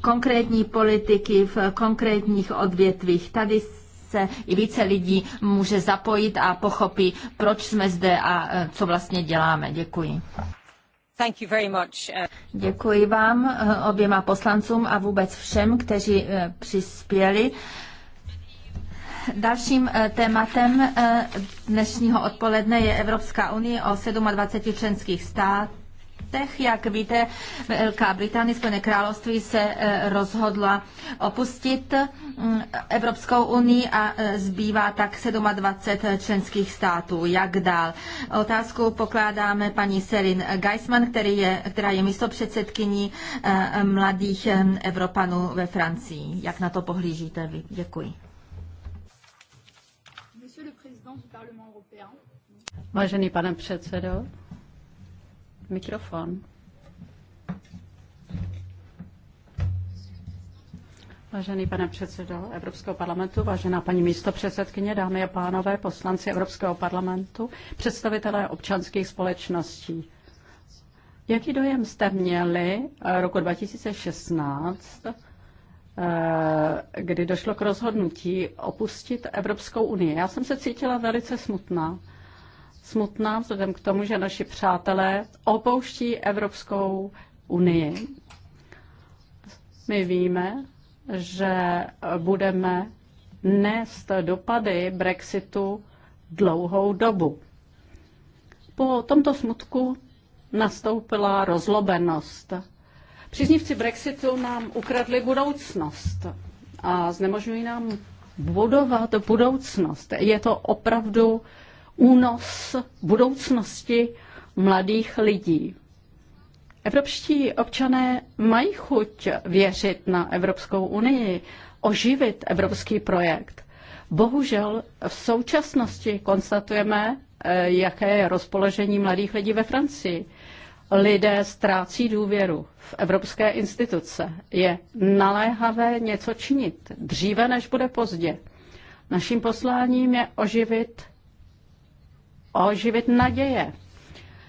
konkrétní politiky v konkrétních odvětvích. Tady se i více lidí může zapojit a pochopí, proč jsme zde a co vlastně děláme. Děkuji. Uh, Děkuji vám uh, oběma poslancům a vůbec všem, kteří uh, přispěli. Dalším tématem dnešního odpoledne je Evropská unie o 27 členských států letech. Jak víte, Velká Británie, Spojené království se eh, rozhodla opustit mm, Evropskou unii a eh, zbývá tak 27 eh, členských států. Jak dál? Otázku pokládáme paní Serin Geisman, který je, která je místopředsedkyní mladých Evropanů ve Francii. Jak na to pohlížíte vy? Děkuji. Vážený pane předsedo, Mikrofon. Vážený pane předsedo Evropského parlamentu, vážená paní místopředsedkyně, dámy a pánové, poslanci Evropského parlamentu, představitelé občanských společností. Jaký dojem jste měli eh, roku 2016, eh, kdy došlo k rozhodnutí opustit Evropskou unii? Já jsem se cítila velice smutná smutná vzhledem k tomu, že naši přátelé opouští Evropskou unii. My víme, že budeme nést dopady Brexitu dlouhou dobu. Po tomto smutku nastoupila rozlobenost. Příznivci Brexitu nám ukradli budoucnost a znemožňují nám budovat budoucnost. Je to opravdu únos budoucnosti mladých lidí. Evropští občané mají chuť věřit na Evropskou unii, oživit evropský projekt. Bohužel v současnosti konstatujeme, eh, jaké je rozpoložení mladých lidí ve Francii. Lidé ztrácí důvěru v evropské instituce. Je naléhavé něco činit dříve, než bude pozdě. Naším posláním je oživit oživit naděje.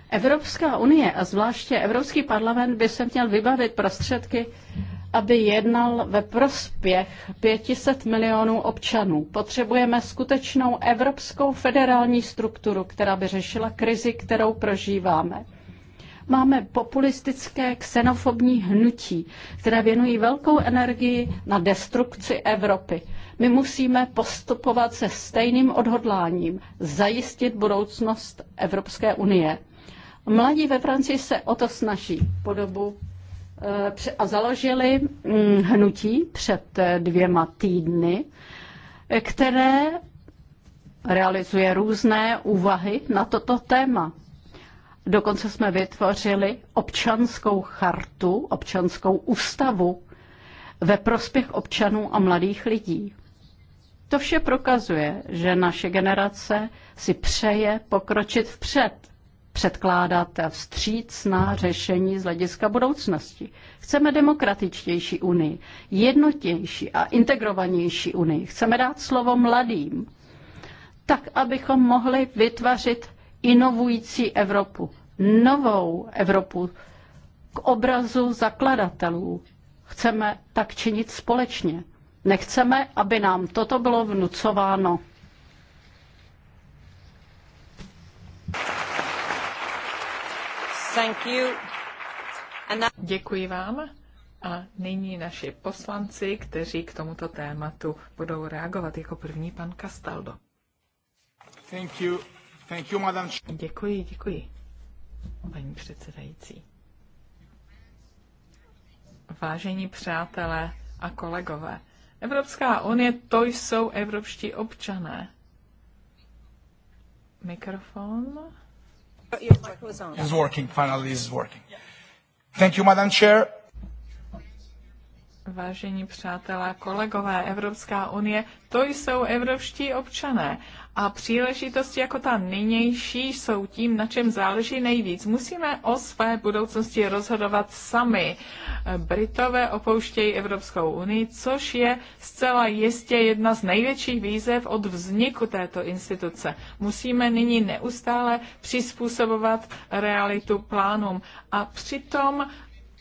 Evropská unie a zvláště Evropský parlament by se měl vybavit prostředky, aby jednal ve prospěch 500 milionů občanů. Potřebujeme skutečnou evropskou federální strukturu, která by řešila krizi, kterou prožíváme máme populistické xenofobní hnutí, které věnují velkou energii na destrukci Evropy. My musíme postupovat se stejným odhodláním, zajistit budoucnost Evropské unie. Mladí ve Francii se o to snaží Podobu eh, a založili mm, hnutí před eh, dvěma týdny, eh, které realizuje různé úvahy na toto téma. Dokonce jsme vytvořili občanskou chartu, občanskou ústavu ve prospěch občanů a mladých lidí. To vše prokazuje, že naše generace si přeje pokročit vpřed, předkládat vstřícná řešení z hlediska budoucnosti. Chceme demokratičtější unii, jednotnější a integrovanější unii. Chceme dát slovo mladým, tak abychom mohli vytvořit inovující Evropu, novou Evropu k obrazu zakladatelů. Chceme tak činit společně. Nechceme, aby nám toto bylo vnucováno. Thank you. Now... Děkuji vám. A nyní naši poslanci, kteří k tomuto tématu budou reagovat. Jako první pan Castaldo. Thank you. Thank you, madam. Děkuji, děkuji, paní předsedající. Vážení přátelé a kolegové, Evropská unie, to jsou evropští občané. Mikrofon. It's working, finally it's working. Thank you, Madam Chair. Vážení přátelé, kolegové, Evropská unie, to jsou evropští občané. A příležitosti jako ta nynější jsou tím, na čem záleží nejvíc. Musíme o své budoucnosti rozhodovat sami. Britové opouštějí Evropskou unii, což je zcela jistě jedna z největších výzev od vzniku této instituce. Musíme nyní neustále přizpůsobovat realitu plánům a přitom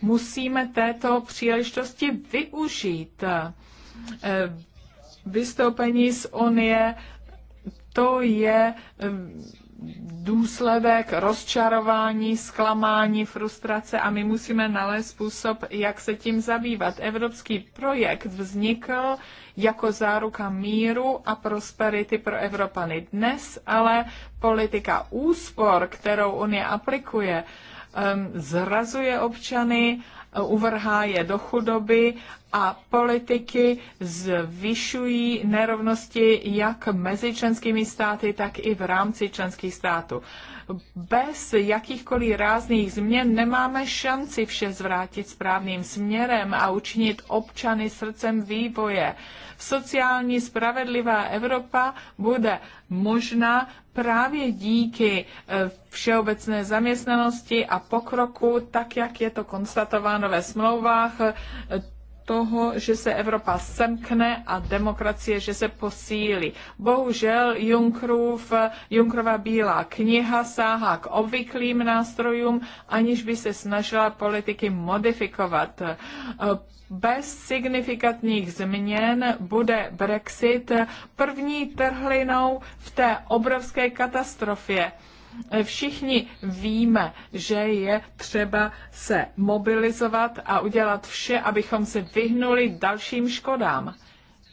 musíme této příležitosti využít eh, vystoupení z Unie to je důsledek rozčarování, zklamání, frustrace a my musíme nalézt způsob, jak se tím zabývat. Evropský projekt vznikl jako záruka míru a prosperity pro Evropany. Dnes ale politika úspor, kterou Unie aplikuje, zrazuje občany, uvrhá je do chudoby a politiky zvyšují nerovnosti jak mezi členskými státy, tak i v rámci členských států. Bez jakýchkoliv rázných změn nemáme šanci vše zvrátit správným směrem a učinit občany srdcem vývoje. Sociální spravedlivá Evropa bude možná právě díky eh, všeobecné zaměstnanosti a pokroku, tak jak je to konstatováno ve smlouvách, eh, toho, že se Evropa semkne a demokracie, že se posílí. Bohužel Junkrův, Junkrova bílá kniha sáhá k obvyklým nástrojům, aniž by se snažila politiky modifikovat. Bez signifikantních změn bude Brexit první trhlinou v té obrovské katastrofě Všichni víme, že je třeba se mobilizovat a udělat vše, abychom se vyhnuli dalším škodám.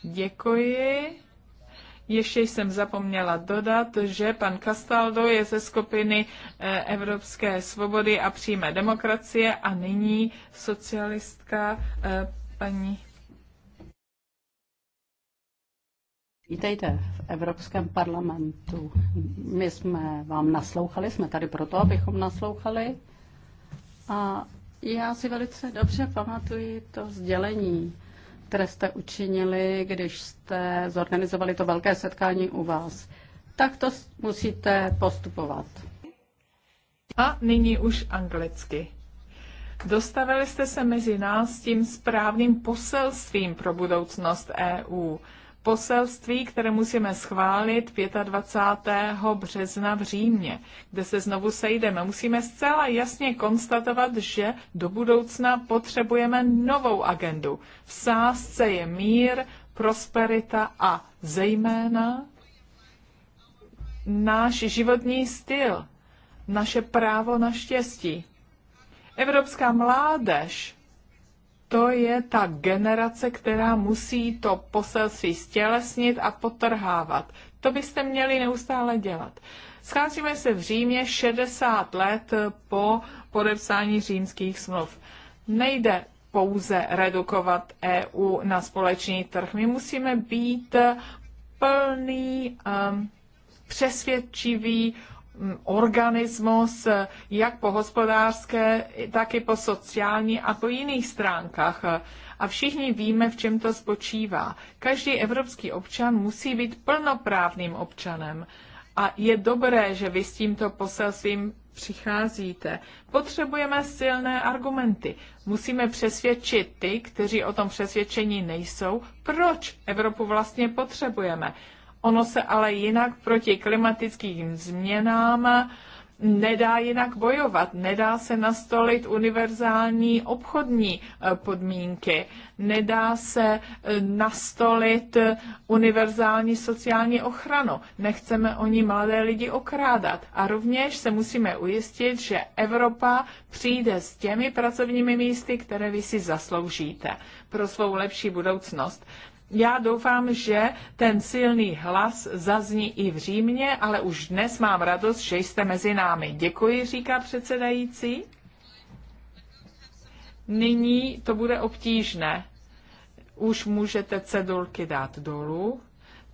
Děkuji. Ještě jsem zapomněla dodat, že pan Castaldo je ze skupiny eh, Evropské svobody a přímé demokracie a nyní socialistka eh, paní Vítejte v Evropském parlamentu. My jsme vám naslouchali, jsme tady proto, abychom naslouchali. A já si velice dobře pamatuji to sdělení, které jste učinili, když jste zorganizovali to velké setkání u vás. Tak to musíte postupovat. A nyní už anglicky. Dostavili jste se mezi nás tím správným poselstvím pro budoucnost EU poselství, které musíme schválit 25. března v Římě, kde se znovu sejdeme. Musíme zcela jasně konstatovat, že do budoucna potřebujeme novou agendu. V sásce je mír, prosperita a zejména náš životní styl, naše právo na štěstí. Evropská mládež to je ta generace, která musí to poselství stělesnit a potrhávat. To byste měli neustále dělat. Scházíme se v Římě 60 let po podepsání římských smluv. Nejde pouze redukovat EU na společný trh. My musíme být plný, um, přesvědčivý, organismus jak po hospodářské, tak i po sociální a po jiných stránkách. A všichni víme, v čem to spočívá. Každý evropský občan musí být plnoprávným občanem. A je dobré, že vy s tímto poselstvím přicházíte. Potřebujeme silné argumenty. Musíme přesvědčit ty, kteří o tom přesvědčení nejsou, proč Evropu vlastně potřebujeme. Ono se ale jinak proti klimatickým změnám nedá jinak bojovat, nedá se nastolit univerzální obchodní e, podmínky, nedá se e, nastolit univerzální sociální ochranu. Nechceme o ní mladé lidi okrádat. A rovněž se musíme ujistit, že Evropa přijde s těmi pracovními místy, které vy si zasloužíte pro svou lepší budoucnost. Já doufám, že ten silný hlas zazní i v Římě, ale už dnes mám radost, že jste mezi námi. Děkuji, říká předsedající. Nyní to bude obtížné. Už můžete cedulky dát dolů.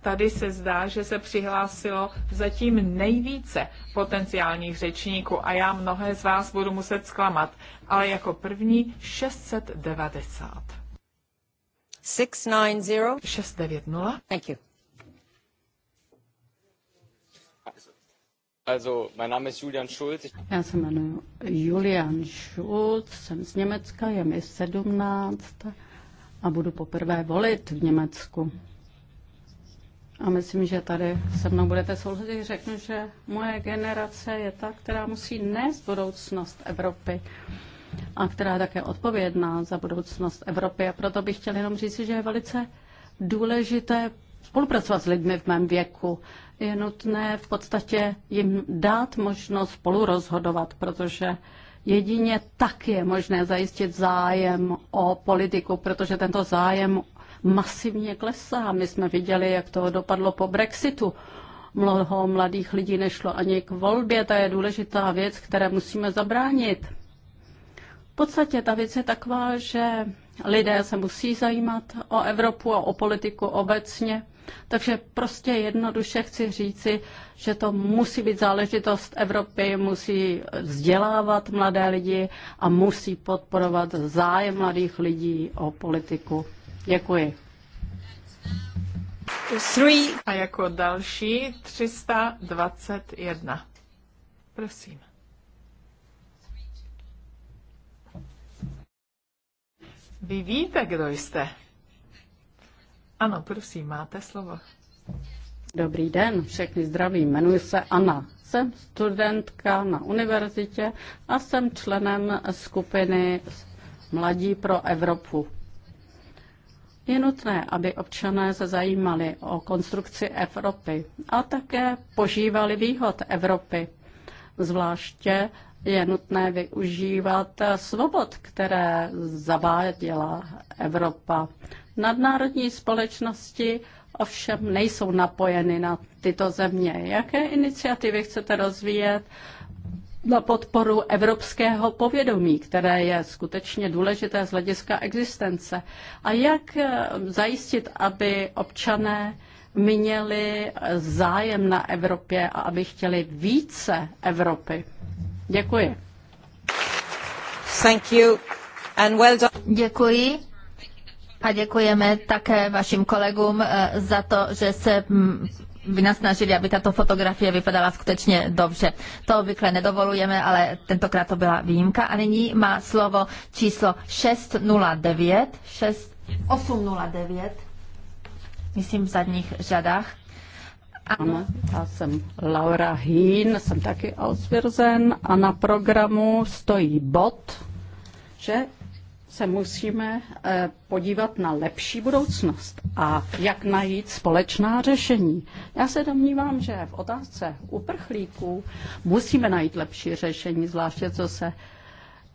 Tady se zdá, že se přihlásilo zatím nejvíce potenciálních řečníků a já mnohé z vás budu muset zklamat, ale jako první 690. 690. Julian Já se jmenuji Julian Schulz, jsem z Německa, je mi 17 a budu poprvé volit v Německu. A myslím, že tady se mnou budete souhlasit, řeknu, že moje generace je ta, která musí nést budoucnost Evropy a která je také odpovědná za budoucnost Evropy. A proto bych chtěl jenom říct, že je velice důležité spolupracovat s lidmi v mém věku. Je nutné v podstatě jim dát možnost spolu rozhodovat, protože jedině tak je možné zajistit zájem o politiku, protože tento zájem masivně klesá. My jsme viděli, jak to dopadlo po Brexitu. Mnoho mladých lidí nešlo ani k volbě, to je důležitá věc, které musíme zabránit. V podstatě ta věc je taková, že lidé se musí zajímat o Evropu a o politiku obecně. Takže prostě jednoduše chci říci, že to musí být záležitost Evropy, musí vzdělávat mladé lidi a musí podporovat zájem mladých lidí o politiku. Děkuji. Three. A jako další 321. Prosím. Vy víte, kdo jste. Ano, prosím, máte slovo. Dobrý den, všechny zdraví. Jmenuji se Anna. Jsem studentka na univerzitě a jsem členem skupiny Mladí pro Evropu. Je nutné, aby občané se zajímali o konstrukci Evropy a také požívali výhod Evropy, zvláště je nutné využívat svobod, které zaváděla Evropa. Nadnárodní společnosti ovšem nejsou napojeny na tyto země. Jaké iniciativy chcete rozvíjet na podporu evropského povědomí, které je skutečně důležité z hlediska existence? A jak zajistit, aby občané měli zájem na Evropě a aby chtěli více Evropy? Děkuji. Thank you and well done. Děkuji. A děkujeme také vašim kolegům eh, za to, že se mm, vynasnažili, aby tato fotografie vypadala skutečně dobře. To obvykle nedovolujeme, ale tentokrát to byla výjimka. A nyní má slovo číslo 609, 6, 809, myslím v zadních řadách. Ano, já jsem Laura Hín, jsem taky Auswirzen a na programu stojí bod, že se musíme eh, podívat na lepší budoucnost a jak najít společná řešení. Já se domnívám, že v otázce uprchlíků musíme najít lepší řešení, zvláště co se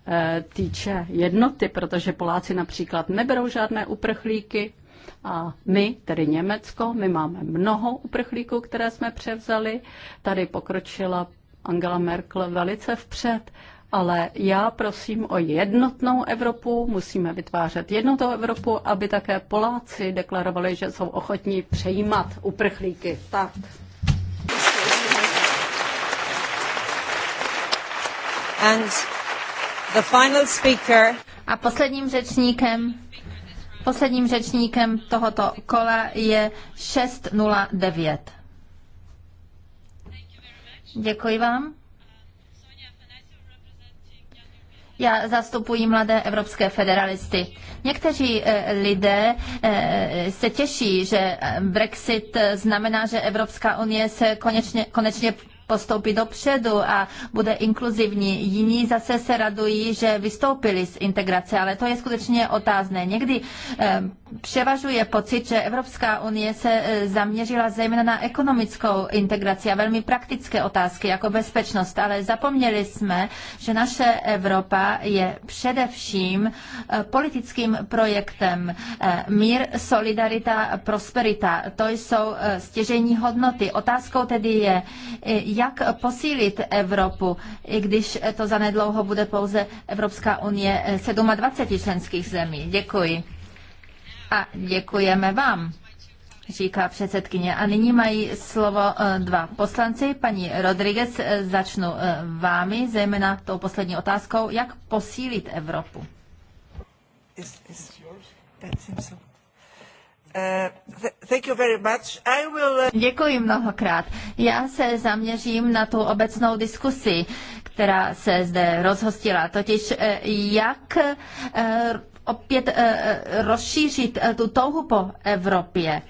eh, týče jednoty, protože Poláci například neberou žádné uprchlíky, a my, tedy Německo, my máme mnoho uprchlíků, které jsme převzali. Tady pokročila Angela Merkel velice vpřed, ale já prosím o jednotnou Evropu, musíme vytvářet jednotnou Evropu, aby také Poláci deklarovali, že jsou ochotní přejímat uprchlíky. Tak. And the final speaker. A posledním řečníkem Posledním řečníkem tohoto kola je 609. Děkuji vám. Já zastupuji mladé evropské federalisty. Někteří eh, lidé eh, se těší, že eh, Brexit znamená, že Evropská unie se konečně, konečně postoupí dopředu a bude inkluzivní. Jiní zase se radují, že vystoupili z integrace, ale to je skutečně otázné. Někdy eh, převažuje pocit, že Evropská unie se e, zaměřila zejména na ekonomickou integraci a velmi praktické otázky jako bezpečnost, ale zapomněli jsme, že naše Evropa je především e, politickým projektem. E, mír, solidarita, prosperita, to jsou stěžení hodnoty. Otázkou tedy je, jak posílit Evropu, i když to zanedlouho bude pouze Evropská unie 27 členských zemí. Děkuji. A děkujeme vám, říká předsedkyně. A nyní mají slovo eh, dva poslanci. Paní Rodriguez, eh, začnu eh, vámi, zejména tou poslední otázkou, jak posílit Evropu. Děkuji mnohokrát. Já se zaměřím na tu obecnou diskusi, která se zde rozhostila, totiž jak opět eh, eh, rozšířit eh, tu touhu po Evropě.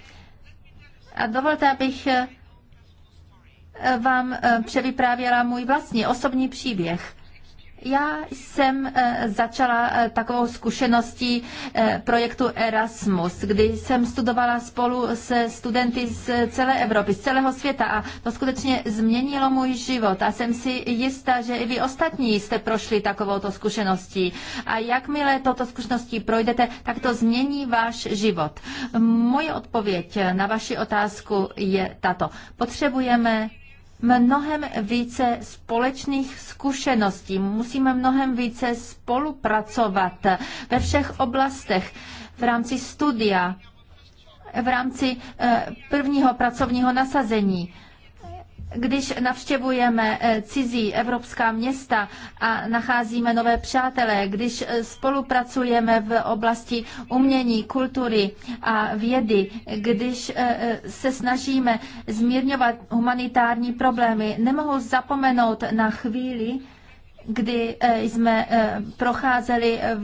A dovolte, abych vám převyprávěla můj vlastní osobní příběh. Já jsem eh, začala eh, takovou zkušeností eh, projektu Erasmus, kdy jsem studovala spolu se studenty z celé Evropy, z celého světa a to skutečně změnilo můj život a jsem si jistá, že i vy ostatní jste prošli takovouto zkušeností a jakmile toto zkušeností projdete, tak to změní váš život. Moje odpověď na vaši otázku je tato. Potřebujeme mnohem více společných zkušeností. Musíme mnohem více spolupracovat ve všech oblastech v rámci studia, v rámci eh, prvního pracovního nasazení. Když navštěvujeme eh, cizí evropská města a nacházíme nové přátelé, když eh, spolupracujeme v oblasti umění, kultury a vědy, když eh, se snažíme zmírňovat humanitární problémy, nemohu zapomenout na chvíli, kdy eh, jsme eh, procházeli eh,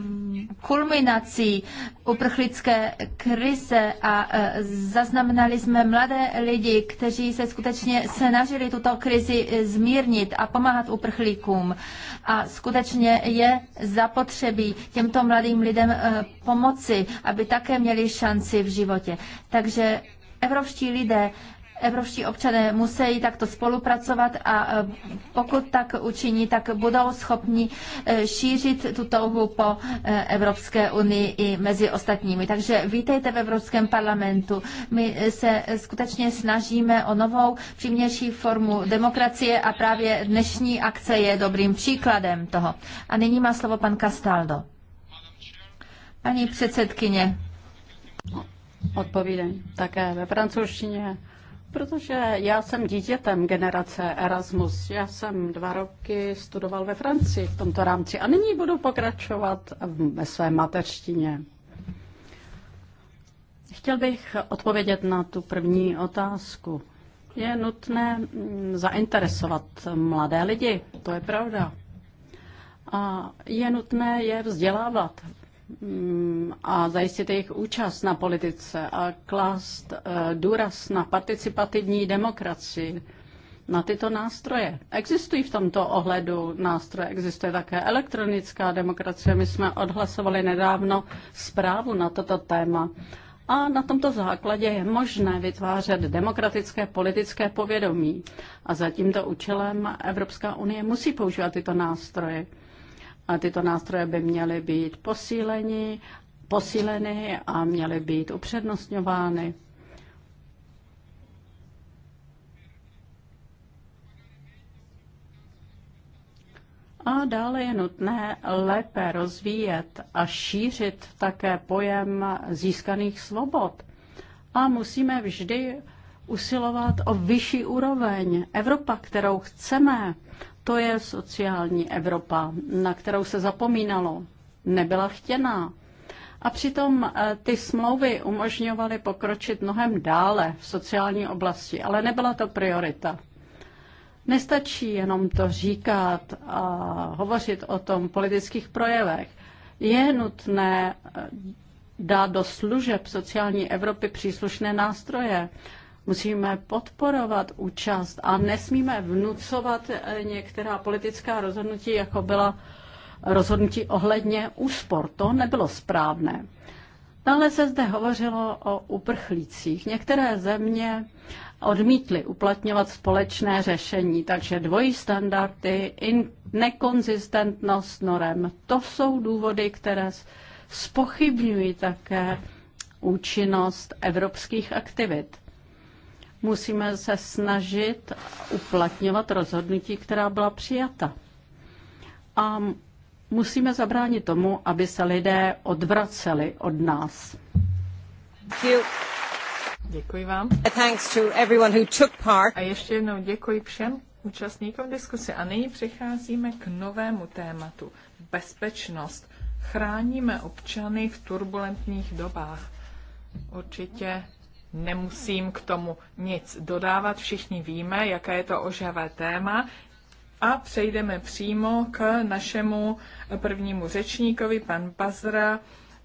kulminací uprchlické krize a zaznamenali jsme mladé lidi, kteří se skutečně snažili tuto krizi zmírnit a pomáhat uprchlíkům. A skutečně je zapotřebí těmto mladým lidem pomoci, aby také měli šanci v životě. Takže evropští lidé evropští občané musí takto spolupracovat a e, pokud tak učiní, tak budou schopni e, šířit tu touhu po e, Evropské unii i mezi ostatními. Takže vítejte v Evropském parlamentu. My se skutečně snažíme o novou, přímější formu demokracie a právě dnešní akce je dobrým příkladem toho. A nyní má slovo pan Castaldo. Paní předsedkyně. Odpovídám také ve francouzštině Protože já jsem dítětem generace Erasmus. Já jsem dva roky studoval ve Francii v tomto rámci a nyní budu pokračovat ve své mateřštině. Chtěl bych odpovědět na tu první otázku. Je nutné mm, zainteresovat mladé lidi, to je pravda. A je nutné je vzdělávat. Mm, a zajistit jejich účast na politice a klást eh, důraz na participativní demokracii, na tyto nástroje. Existují v tomto ohledu nástroje, existuje také elektronická demokracie. My jsme odhlasovali nedávno zprávu na toto téma. A na tomto základě je možné vytvářet demokratické politické povědomí. A za tímto účelem Evropská unie musí používat tyto nástroje. A tyto nástroje by měly být posíleni, posíleny a měly být upřednostňovány. A dále je nutné lépe rozvíjet a šířit také pojem získaných svobod. A musíme vždy usilovat o vyšší úroveň. Evropa, kterou chceme, to je sociální Evropa, na kterou se zapomínalo. Nebyla chtěná. A přitom eh, ty smlouvy umožňovaly pokročit mnohem dále v sociální oblasti, ale nebyla to priorita. Nestačí jenom to říkat a hovořit o tom v politických projevech. Je nutné eh, dát do služeb sociální Evropy příslušné nástroje. Musíme podporovat účast a nesmíme vnucovat eh, některá politická rozhodnutí, jako byla rozhodnutí ohledně úspor. To nebylo správné. Dále se zde hovořilo o uprchlících. Některé země odmítly uplatňovat společné řešení, takže dvojí standardy, in, nekonzistentnost norem, to jsou důvody, které spochybňují také účinnost evropských aktivit musíme se snažit uplatňovat rozhodnutí, která byla přijata. A musíme zabránit tomu, aby se lidé odvraceli od nás. Děkuji vám. A ještě jednou děkuji všem účastníkům diskuse. A nyní přecházíme k novému tématu. Bezpečnost. Chráníme občany v turbulentních dobách. Určitě Nemusím k tomu nic dodávat, všichni víme, jaké je to ožavé téma. A přejdeme přímo k našemu prvnímu řečníkovi, pan Bazra,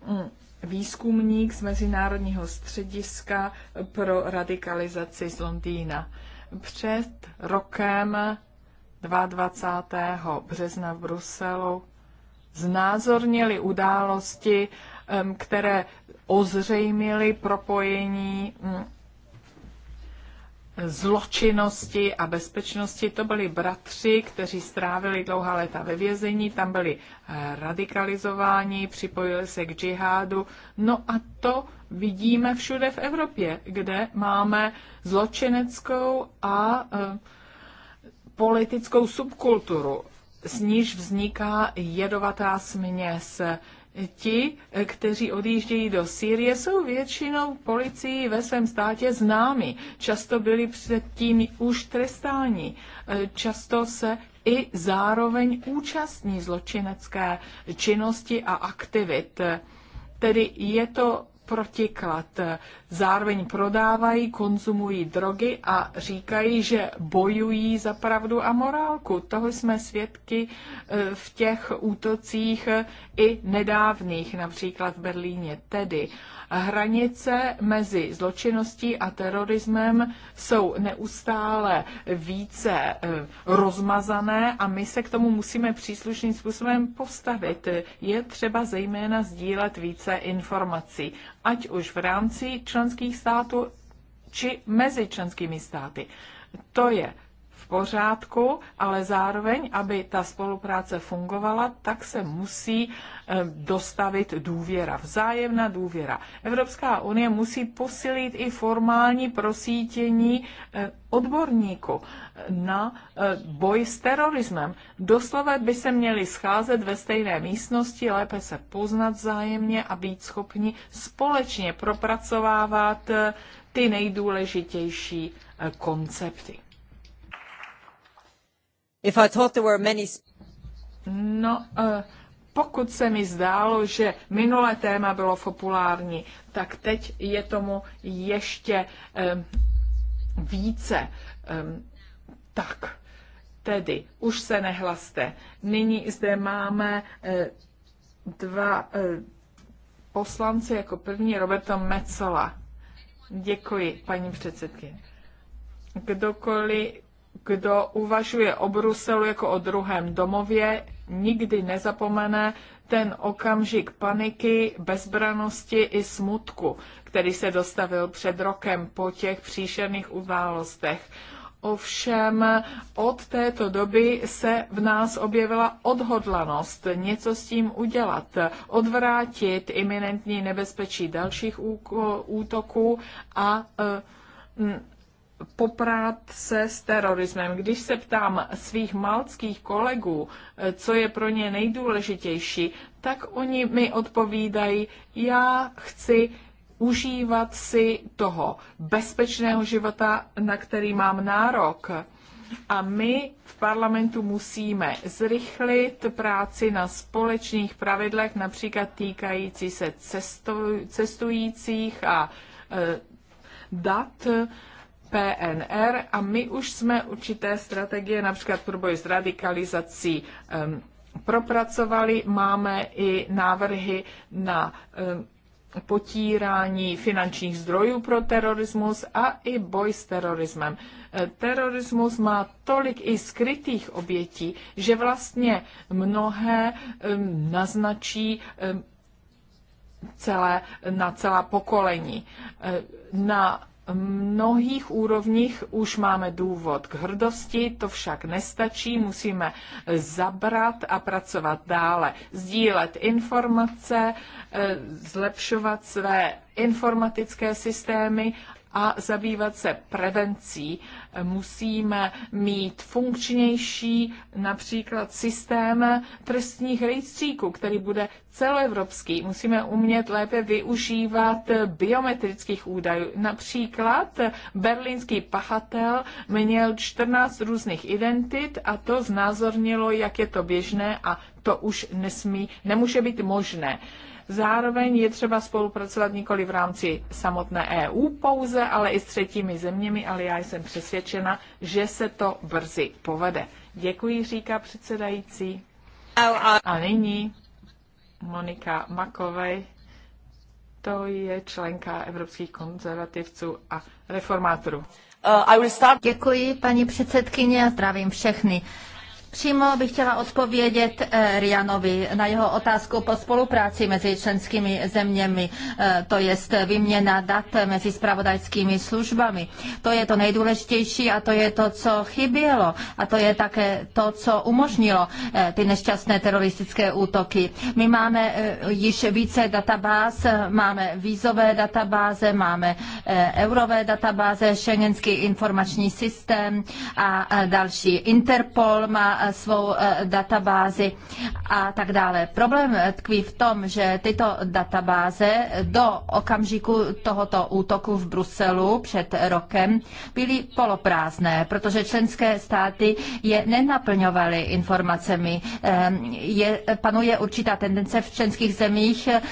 mm, výzkumník z Mezinárodního střediska pro radikalizaci z Londýna. Před rokem 22. března v Bruselu znázornili události, které ozřejmili propojení mm, zločinnosti a bezpečnosti. To byli bratři, kteří strávili dlouhá léta ve vězení, tam byli eh, radikalizováni, připojili se k džihádu. No a to vidíme všude v Evropě, kde máme zločineckou a eh, politickou subkulturu, z níž vzniká jedovatá směs ti, kteří odjíždějí do Sýrie, jsou většinou policií ve svém státě známi. Často byli předtím už trestáni. Často se i zároveň účastní zločinecké činnosti a aktivit. Tedy je to protiklad zároveň prodávají, konzumují drogy a říkají, že bojují za pravdu a morálku. Toho jsme svědky e, v těch útocích e, i nedávných, například v Berlíně. Tedy hranice mezi zločinností a terorismem jsou neustále více e, rozmazané a my se k tomu musíme příslušným způsobem postavit. Je třeba zejména sdílet více informací, ať už v rámci člen členských států či mezi členskými státy. To je pořádku, ale zároveň, aby ta spolupráce fungovala, tak se musí eh, dostavit důvěra, vzájemná důvěra. Evropská unie musí posilit i formální prosítění eh, odborníku eh, na boj s terorismem. Doslova by se měli scházet ve stejné místnosti, lépe se poznat vzájemně a být schopni společně propracovávat ty nejdůležitější koncepty. If I thought there were many... No, uh, pokud se mi zdálo, že minulé téma bylo populární, tak teď je tomu ještě um, více. Um, tak, tedy, už se nehlaste. Nyní zde máme uh, dva uh, poslance, jako první Roberto Mecola. Děkuji, paní předsedky. Kdokoliv kdo uvažuje o Bruselu jako o druhém domově, nikdy nezapomene ten okamžik paniky, bezbranosti i smutku, který se dostavil před rokem po těch příšerných událostech. Ovšem od této doby se v nás objevila odhodlanost něco s tím udělat, odvrátit iminentní nebezpečí dalších útoků a eh, poprát se s terorismem. Když se ptám svých malckých kolegů, co je pro ně nejdůležitější, tak oni mi odpovídají, já chci užívat si toho bezpečného života, na který mám nárok. A my v parlamentu musíme zrychlit práci na společných pravidlech, například týkající se cestujících a e, dat, PNR a my už jsme určité strategie, například pro boj s radikalizací, um, propracovali. Máme i návrhy na um, potírání finančních zdrojů pro terorismus a i boj s terorismem. E, terorismus má tolik i skrytých obětí, že vlastně mnohé um, naznačí celé, na celá pokolení. E, na mnohých úrovních už máme důvod k hrdosti, to však nestačí, musíme zabrat a pracovat dále, sdílet informace, e, zlepšovat své informatické systémy a zabývat se prevencí. Musíme mít funkčnější například systém trestních rejstříků, který bude celoevropský. Musíme umět lépe využívat biometrických údajů. Například berlínský pachatel měl 14 různých identit a to znázornilo, jak je to běžné a to už nesmí, nemůže být možné Zároveň je třeba spolupracovat nikoli v rámci samotné EU pouze, ale i s třetími zeměmi, ale já jsem přesvědčena, že se to brzy povede. Děkuji, říká předsedající. A nyní Monika Makovej, to je členka Evropských konzervativců a reformátorů. Uh, Děkuji, paní předsedkyně, a zdravím všechny. Přímo bych chtěla odpovědět eh, Rianovi na jeho otázku po spolupráci mezi členskými zeměmi, eh, to je vyměna dat mezi spravodajskými službami. To je to nejdůležitější a to je to, co chybělo. A to je také to, co umožnilo eh, ty nešťastné teroristické útoky. My máme již více databáz, máme vízové databáze, máme eurové databáze, šengenský informační systém a další. Interpol má svou eh, databázi a tak dále. Problém tkví v tom, že tyto databáze do okamžiku tohoto útoku v Bruselu před rokem byly poloprázdné, protože členské státy je nenaplňovaly informacemi. Ehm, je, panuje určitá tendence v členských zemích eh,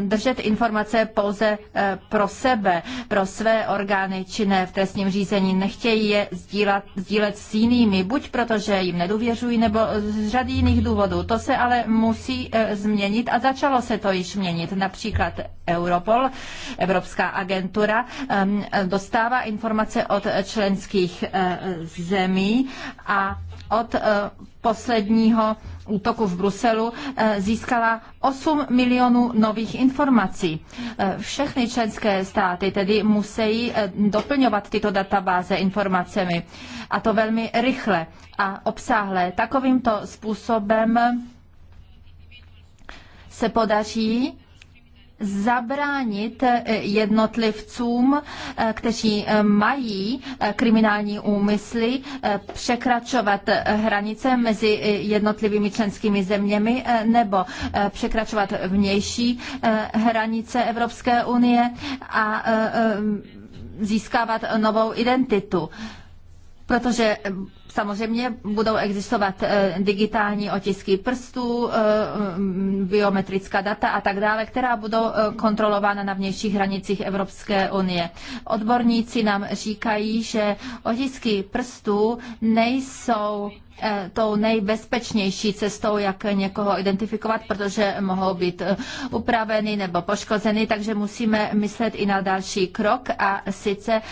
držet informace pouze eh, pro sebe, pro své orgány činné v trestním řízení. Nechtějí je sdílet, sdílet s jinými, buď protože jim nedůvěřují, směřují nebo z řady jiných důvodů. To se ale musí e, změnit a začalo se to již měnit. Například Europol, Evropská agentura, dostává informace od členských e, zemí a od eh, posledního útoku v Bruselu eh, získala 8 milionů nových informací. Eh, všechny členské státy tedy musí doplňovat tyto databáze informacemi a to velmi rychle a obsáhle. Takovýmto způsobem se podaří zabránit eh, jednotlivcům, eh, kteří eh, mají kriminální úmysly, překračovat hranice mezi jednotlivými členskými zeměmi nebo překračovat vnější hranice Evropské unie a získávat novou identitu. Protože Samozřejmě budou existovat eh, digitální otisky prstů, eh, mm, biometrická data a tak dále, která budou eh, kontrolována na vnějších hranicích Evropské unie. Odborníci nám říkají, že otisky prstů nejsou tou nejbezpečnější cestou, jak někoho identifikovat, protože mohou být upraveny nebo poškozeny, takže musíme myslet i na další krok a sice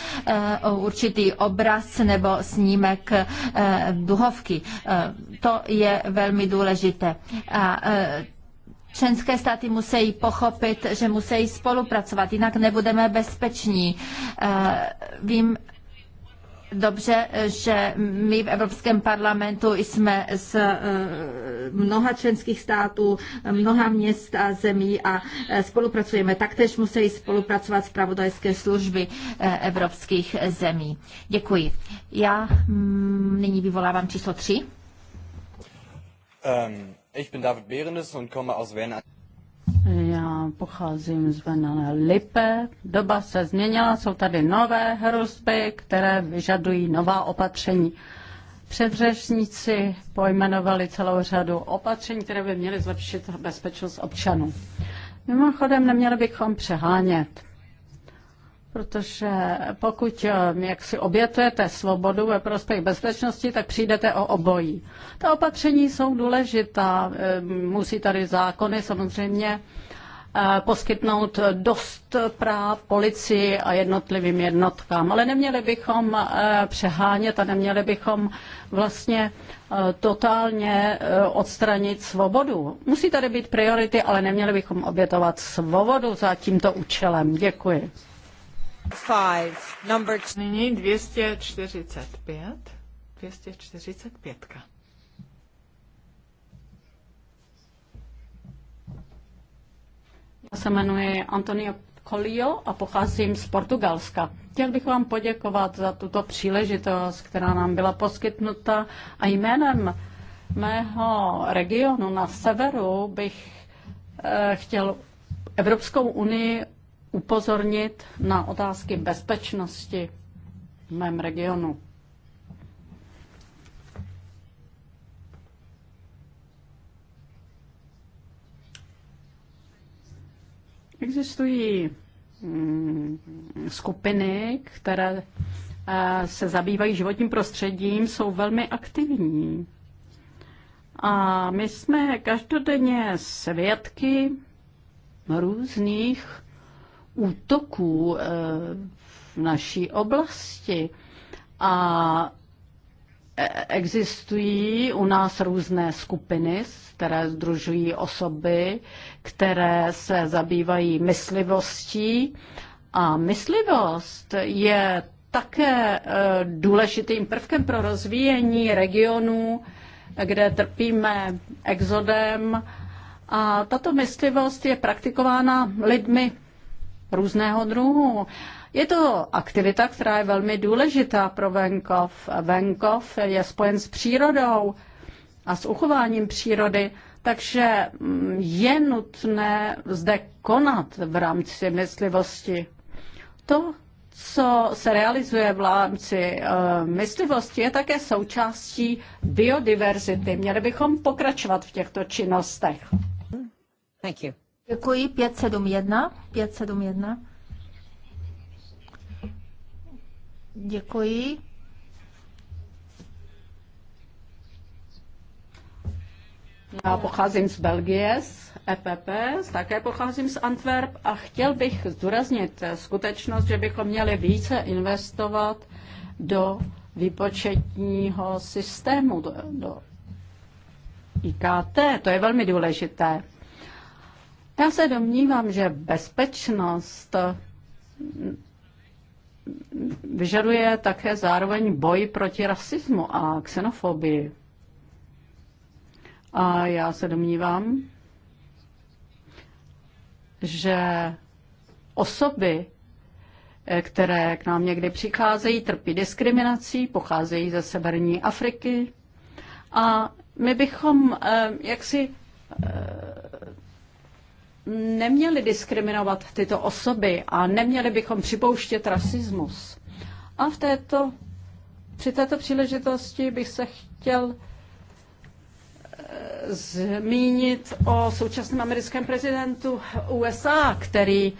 určitý obraz nebo snímek Eh, duhovky. Eh, to je velmi důležité. A eh, Členské státy musí pochopit, že musí spolupracovat, jinak nebudeme bezpeční. Vím, dobře, že my v Evropském parlamentu jsme z eh, mnoha členských států, mnoha měst a zemí a eh, spolupracujeme. Taktéž musí spolupracovat zpravodajské služby eh, evropských zemí. Děkuji. Já mm, nyní vyvolávám číslo tři. Um, ich bin David Behrendes und komme aus Wern. Já pocházím z Venané Lipe. Doba se změnila, jsou tady nové hrozby, které vyžadují nová opatření. Předřešníci pojmenovali celou řadu opatření, které by měly zlepšit bezpečnost občanů. Mimochodem, neměli bychom přehánět. Protože pokud eh, jak si obětujete svobodu ve prospěch bezpečnosti, tak přijdete o obojí. Ta opatření jsou důležitá. Eh, musí tady zákony samozřejmě eh, poskytnout dost práv policii a jednotlivým jednotkám. Ale neměli bychom přehánět a neměli bychom vlastně totálně odstranit svobodu. Musí tady být priority, ale neměli bychom obětovat svobodu za tímto účelem. Děkuji. Five, Nyní 245. 245. Já se jmenuji Antonio Colio a pocházím z Portugalska. Chtěl bych vám poděkovat za tuto příležitost, která nám byla poskytnuta a jménem mého regionu na severu bych eh, chtěl Evropskou unii upozornit na otázky bezpečnosti v mém regionu. Existují mm, skupiny, které eh, se zabývají životním prostředím, jsou velmi aktivní. A my jsme každodenně svědky různých útoků eh, v naší oblasti a eh, Existují u nás různé skupiny, které združují osoby, které se zabývají myslivostí. A myslivost je také eh, důležitým prvkem pro rozvíjení regionů, kde trpíme exodem. A tato myslivost je praktikována lidmi různého druhu. Je to aktivita, která je velmi důležitá pro venkov. Venkov je spojen s přírodou a s uchováním přírody, takže mm, je nutné zde konat v rámci myslivosti. To, co se realizuje v rámci uh, myslivosti, je také součástí biodiverzity. Měli bychom pokračovat v těchto činnostech. Thank you. Děkuji. 571. 571. Děkuji. Já pocházím z Belgie, z EPP, také pocházím z Antwerp a chtěl bych zdůraznit skutečnost, že bychom měli více investovat do výpočetního systému, do, do IKT. To je velmi důležité. Já se domnívám, že bezpečnost vyžaduje také zároveň boj proti rasismu a xenofobii. A já se domnívám, že osoby, které k nám někdy přicházejí, trpí diskriminací, pocházejí ze severní Afriky. A my bychom eh, jaksi eh, neměli diskriminovat tyto osoby a neměli bychom připouštět rasismus. A v této, při této příležitosti bych se chtěl eh, zmínit o současném americkém prezidentu USA, který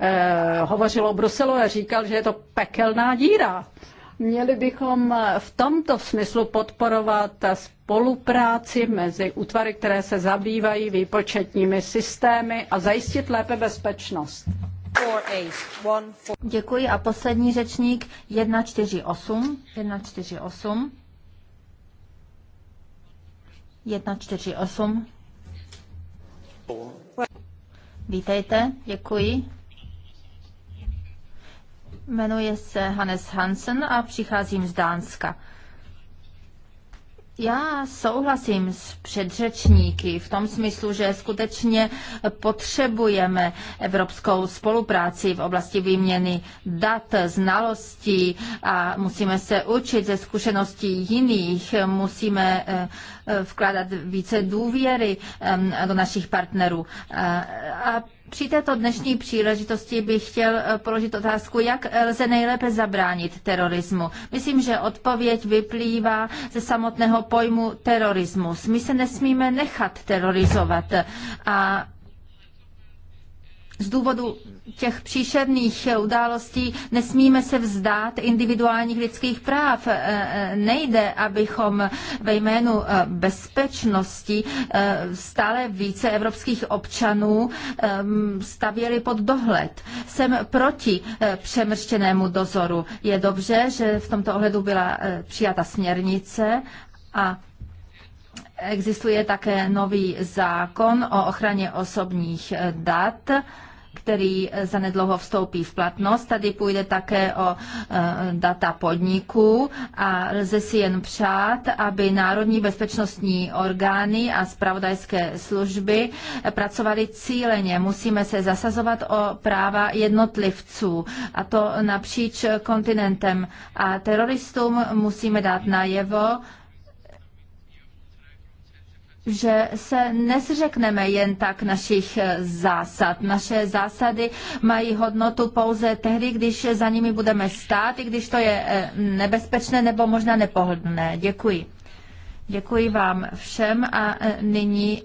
eh, hovořil o Bruselu a říkal, že je to pekelná díra. Eh, Měli bychom v tomto smyslu podporovat spolupráci mezi útvary, které se zabývají výpočetními systémy a zajistit lépe bezpečnost. Děkuji a poslední řečník 148. 148. 148. Vítejte, děkuji. Jmenuji se Hannes Hansen a přicházím z Dánska. Já souhlasím s předřečníky v tom smyslu, že skutečně potřebujeme evropskou spolupráci v oblasti výměny dat, znalostí a musíme se učit ze zkušeností jiných, musíme eh, eh, vkládat více důvěry eh, do našich partnerů. A při této dnešní příležitosti bych chtěl eh, položit otázku, jak lze nejlépe zabránit terorismu. Myslím, že odpověď vyplývá ze samotného pojmu terorismus. My se nesmíme nechat terorizovat a z důvodu těch příšerných událostí nesmíme se vzdát individuálních lidských práv. E, e, nejde, abychom ve jménu e, bezpečnosti stále více evropských občanů stavěli pod dohled. Jsem proti přemrštěnému dozoru. Je dobře, že v tomto ohledu byla přijata směrnice a Existuje také nový zákon o ochraně osobních dat, který zanedlouho vstoupí v platnost. Tady půjde také o e, data podniků a lze si jen přát, aby národní bezpečnostní orgány a spravodajské služby pracovaly cíleně. Musíme se zasazovat o práva jednotlivců a to napříč kontinentem. A teroristům musíme dát najevo, že se nezřekneme jen tak našich eh, zásad. Naše zásady mají hodnotu pouze tehdy, když za nimi budeme stát, i když to je eh, nebezpečné nebo možná nepohodlné. Děkuji. Děkuji vám všem a eh, nyní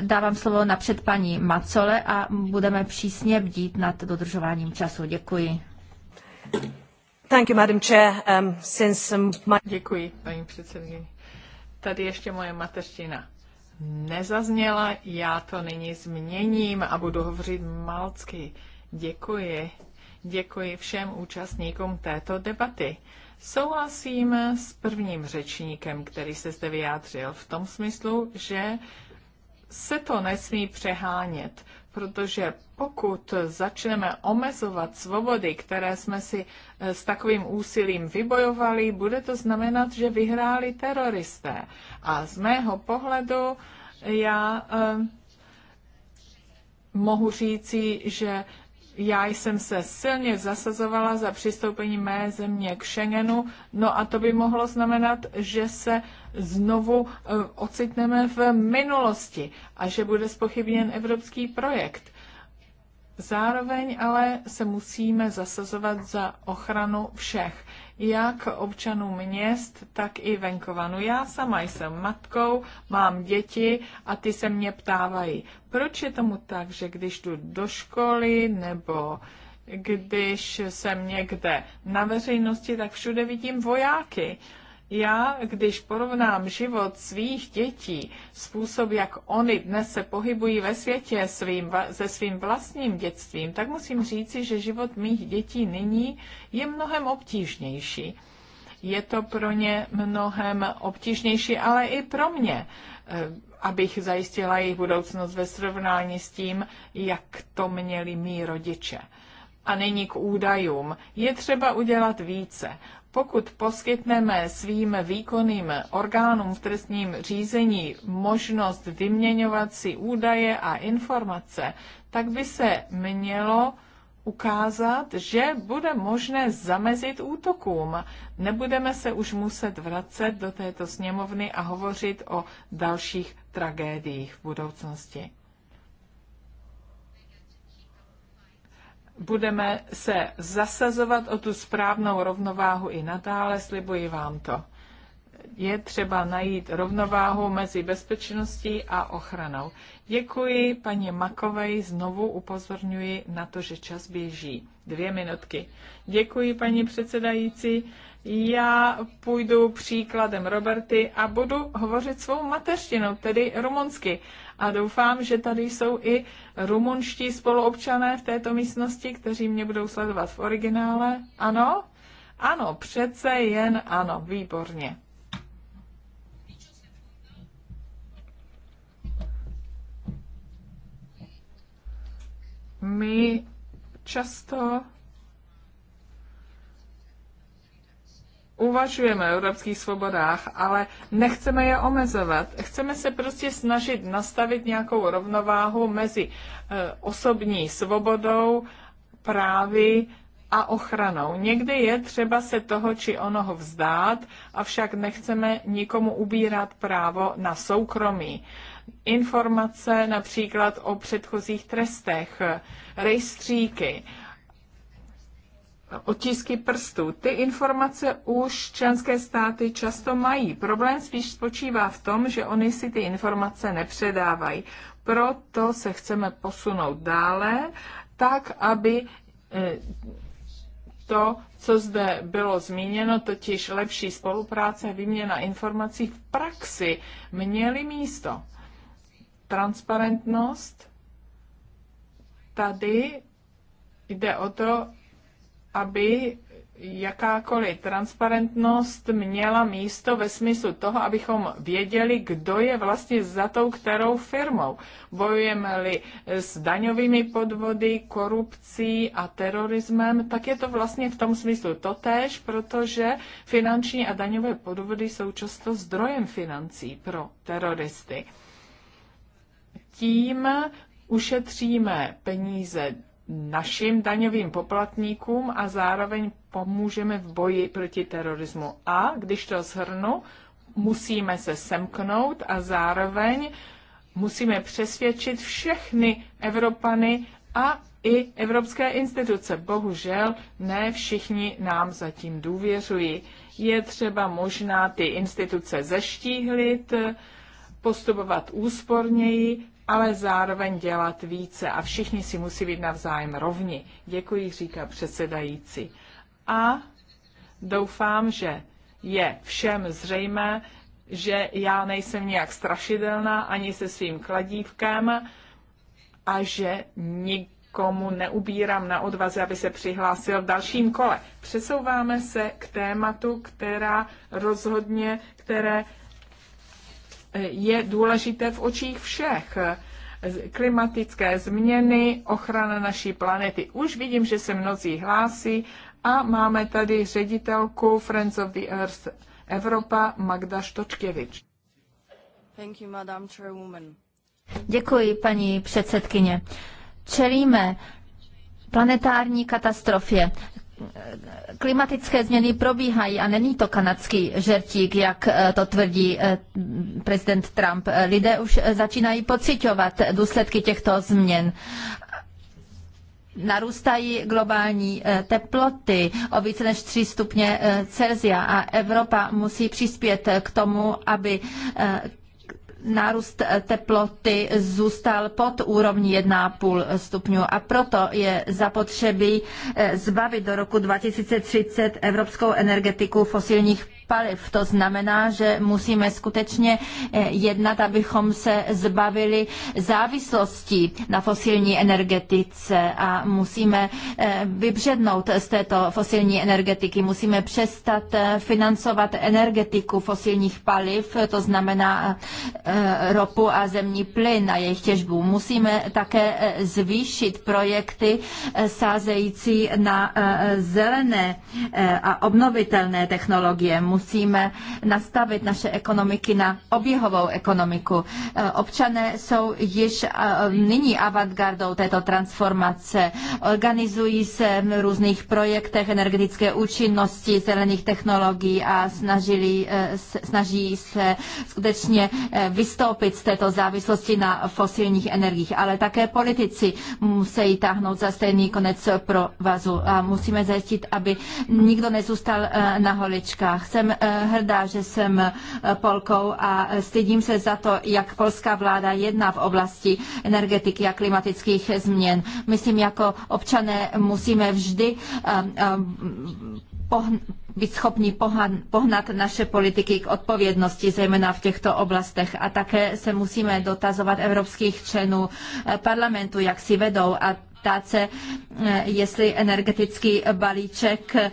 dávám slovo napřed paní Macole a budeme přísně bdít nad dodržováním času. Děkuji. Um, Děkuji, paní předsedkyně tady ještě moje mateřština nezazněla, já to nyní změním a budu hovořit malcky. Děkuji. Děkuji všem účastníkům této debaty. Souhlasím s prvním řečníkem, který se zde vyjádřil, v tom smyslu, že se to nesmí přehánět. Protože pokud začneme omezovat svobody, které jsme si e, s takovým úsilím vybojovali, bude to znamenat, že vyhráli teroristé. A z mého pohledu já eh, mohu říci, že já jsem se silně zasazovala za přistoupení mé země k Schengenu, no a to by mohlo znamenat, že se znovu eh, ocitneme v minulosti a že bude spochybněn evropský projekt. Zároveň ale se musíme zasazovat za ochranu všech jak občanů měst, tak i venkovanů. No já sama jsem matkou, mám děti a ty se mě ptávají, proč je tomu tak, že když jdu do školy nebo když jsem někde na veřejnosti, tak všude vidím vojáky. Já, když porovnám život svých dětí, způsob, jak oni dnes se pohybují ve světě svým, se svým vlastním dětstvím, tak musím říci, že život mých dětí nyní je mnohem obtížnější. Je to pro ně mnohem obtížnější, ale i pro mě, eh, abych zajistila jejich budoucnost ve srovnání s tím, jak to měli mý rodiče. A nyní k údajům. Je třeba udělat více pokud poskytneme svým výkonným orgánům v trestním řízení možnost vyměňovat si údaje a informace, tak by se mělo ukázat, že bude možné zamezit útokům. Nebudeme se už muset vracet do této sněmovny a hovořit o dalších tragédiích v budoucnosti. budeme se zasazovat o tu správnou rovnováhu i nadále, slibuji vám to. Je třeba najít rovnováhu mezi bezpečností a ochranou. Děkuji paní Makovej, znovu upozorňuji na to, že čas běží. Dvě minutky. Děkuji paní předsedající. Já půjdu příkladem Roberty a budu hovořit svou mateřštinou, tedy rumunsky a doufám, že tady jsou i rumunští spoluobčané v této místnosti, kteří mě budou sledovat v originále. Ano? Ano, přece jen ano, výborně. My často uvažujeme o evropských svobodách, ale nechceme je omezovat. Chceme se prostě snažit nastavit nějakou rovnováhu mezi e, osobní svobodou, právy a ochranou. Někdy je třeba se toho či onoho vzdát, avšak nechceme nikomu ubírat právo na soukromí. Informace například o předchozích trestech, rejstříky, otisky prstů. Ty informace už členské státy často mají. Problém spíš spočívá v tom, že oni si ty informace nepředávají. Proto se chceme posunout dále, tak aby e, to, co zde bylo zmíněno, totiž lepší spolupráce, výměna informací v praxi, měly místo. Transparentnost. Tady jde o to, aby jakákoliv transparentnost měla místo ve smyslu toho, abychom věděli, kdo je vlastně za tou kterou firmou. Bojujeme-li s daňovými podvody, korupcí a terorismem, tak je to vlastně v tom smyslu totéž, protože finanční a daňové podvody jsou často zdrojem financí pro teroristy. Tím ušetříme peníze našim daňovým poplatníkům a zároveň pomůžeme v boji proti terorismu. A když to zhrnu, musíme se semknout a zároveň musíme přesvědčit všechny Evropany a i evropské instituce. Bohužel ne všichni nám zatím důvěřují. Je třeba možná ty instituce zeštíhlit, postupovat úsporněji, ale zároveň dělat více a všichni si musí být navzájem rovni. Děkuji, říká předsedající. A doufám, že je všem zřejmé, že já nejsem nějak strašidelná ani se svým kladívkem a že nikomu neubírám na odvaze, aby se přihlásil v dalším kole. Přesouváme se k tématu, která rozhodně, které je důležité v očích všech. Klimatické změny, ochrana naší planety. Už vidím, že se mnozí hlásí a máme tady ředitelku Friends of the Earth Evropa Magda Štočkěvič. Thank you, Madam Chairwoman. Děkuji, paní předsedkyně. Čelíme planetární katastrofě klimatické změny probíhají a není to kanadský žertík, jak eh, to tvrdí eh, prezident Trump. Lidé už eh, začínají pocitovat důsledky těchto změn. Narůstají globální teploty o více než 3 stupně Celsia a Evropa musí přispět k tomu, aby nárůst teploty zůstal pod úrovní 1,5 stupňů a proto je zapotřebí eh, zbavit do roku 2030 evropskou energetiku fosilních paliv. To znamená, že musíme skutečně eh, jednat, abychom se zbavili závislosti na fosilní energetice a musíme eh, vybřednout z této fosilní energetiky. Musíme přestat eh, financovat energetiku fosilních paliv, to znamená ropu a zemní plyn a jejich těžbu. Musíme také zvýšit projekty sázející na zelené a obnovitelné technologie musíme nastavit naše ekonomiky na oběhovou ekonomiku. Eh, občané jsou již eh, nyní avantgardou této transformace. Organizují se v různých projektech energetické účinnosti, zelených technologií a snažili, eh, snaží se skutečně vystoupit z této závislosti na fosilních energiích. Ale také politici musí táhnout za stejný konec pro vazu a musíme zajistit, aby nikdo nezůstal na holičkách. Jsem jsem eh, hrdá, že jsem eh, Polkou a stydím se za to, jak polská vláda jedná v oblasti energetiky a klimatických změn. Myslím, jako občané musíme vždy eh, být schopni pohnat naše politiky k odpovědnosti, zejména v těchto oblastech. A také se musíme dotazovat evropských členů parlamentu, jak si vedou. A ptát se, eh, jestli energetický balíček, eh,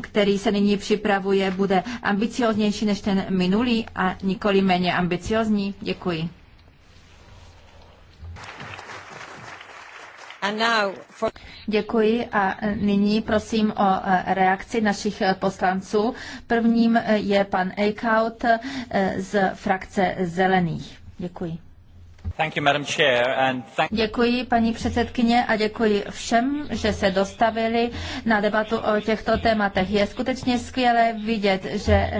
který se nyní připravuje, bude ambicioznější než ten minulý a nikoli méně ambiciozní. Děkuji. Děkuji a nyní prosím o eh, reakci našich poslanců. Prvním je pan Eichhout z frakce Zelených. Děkuji. Děkuji paní předsedkyně a děkuji všem, že se dostavili na debatu o těchto tématech. Je skutečně skvělé vidět, že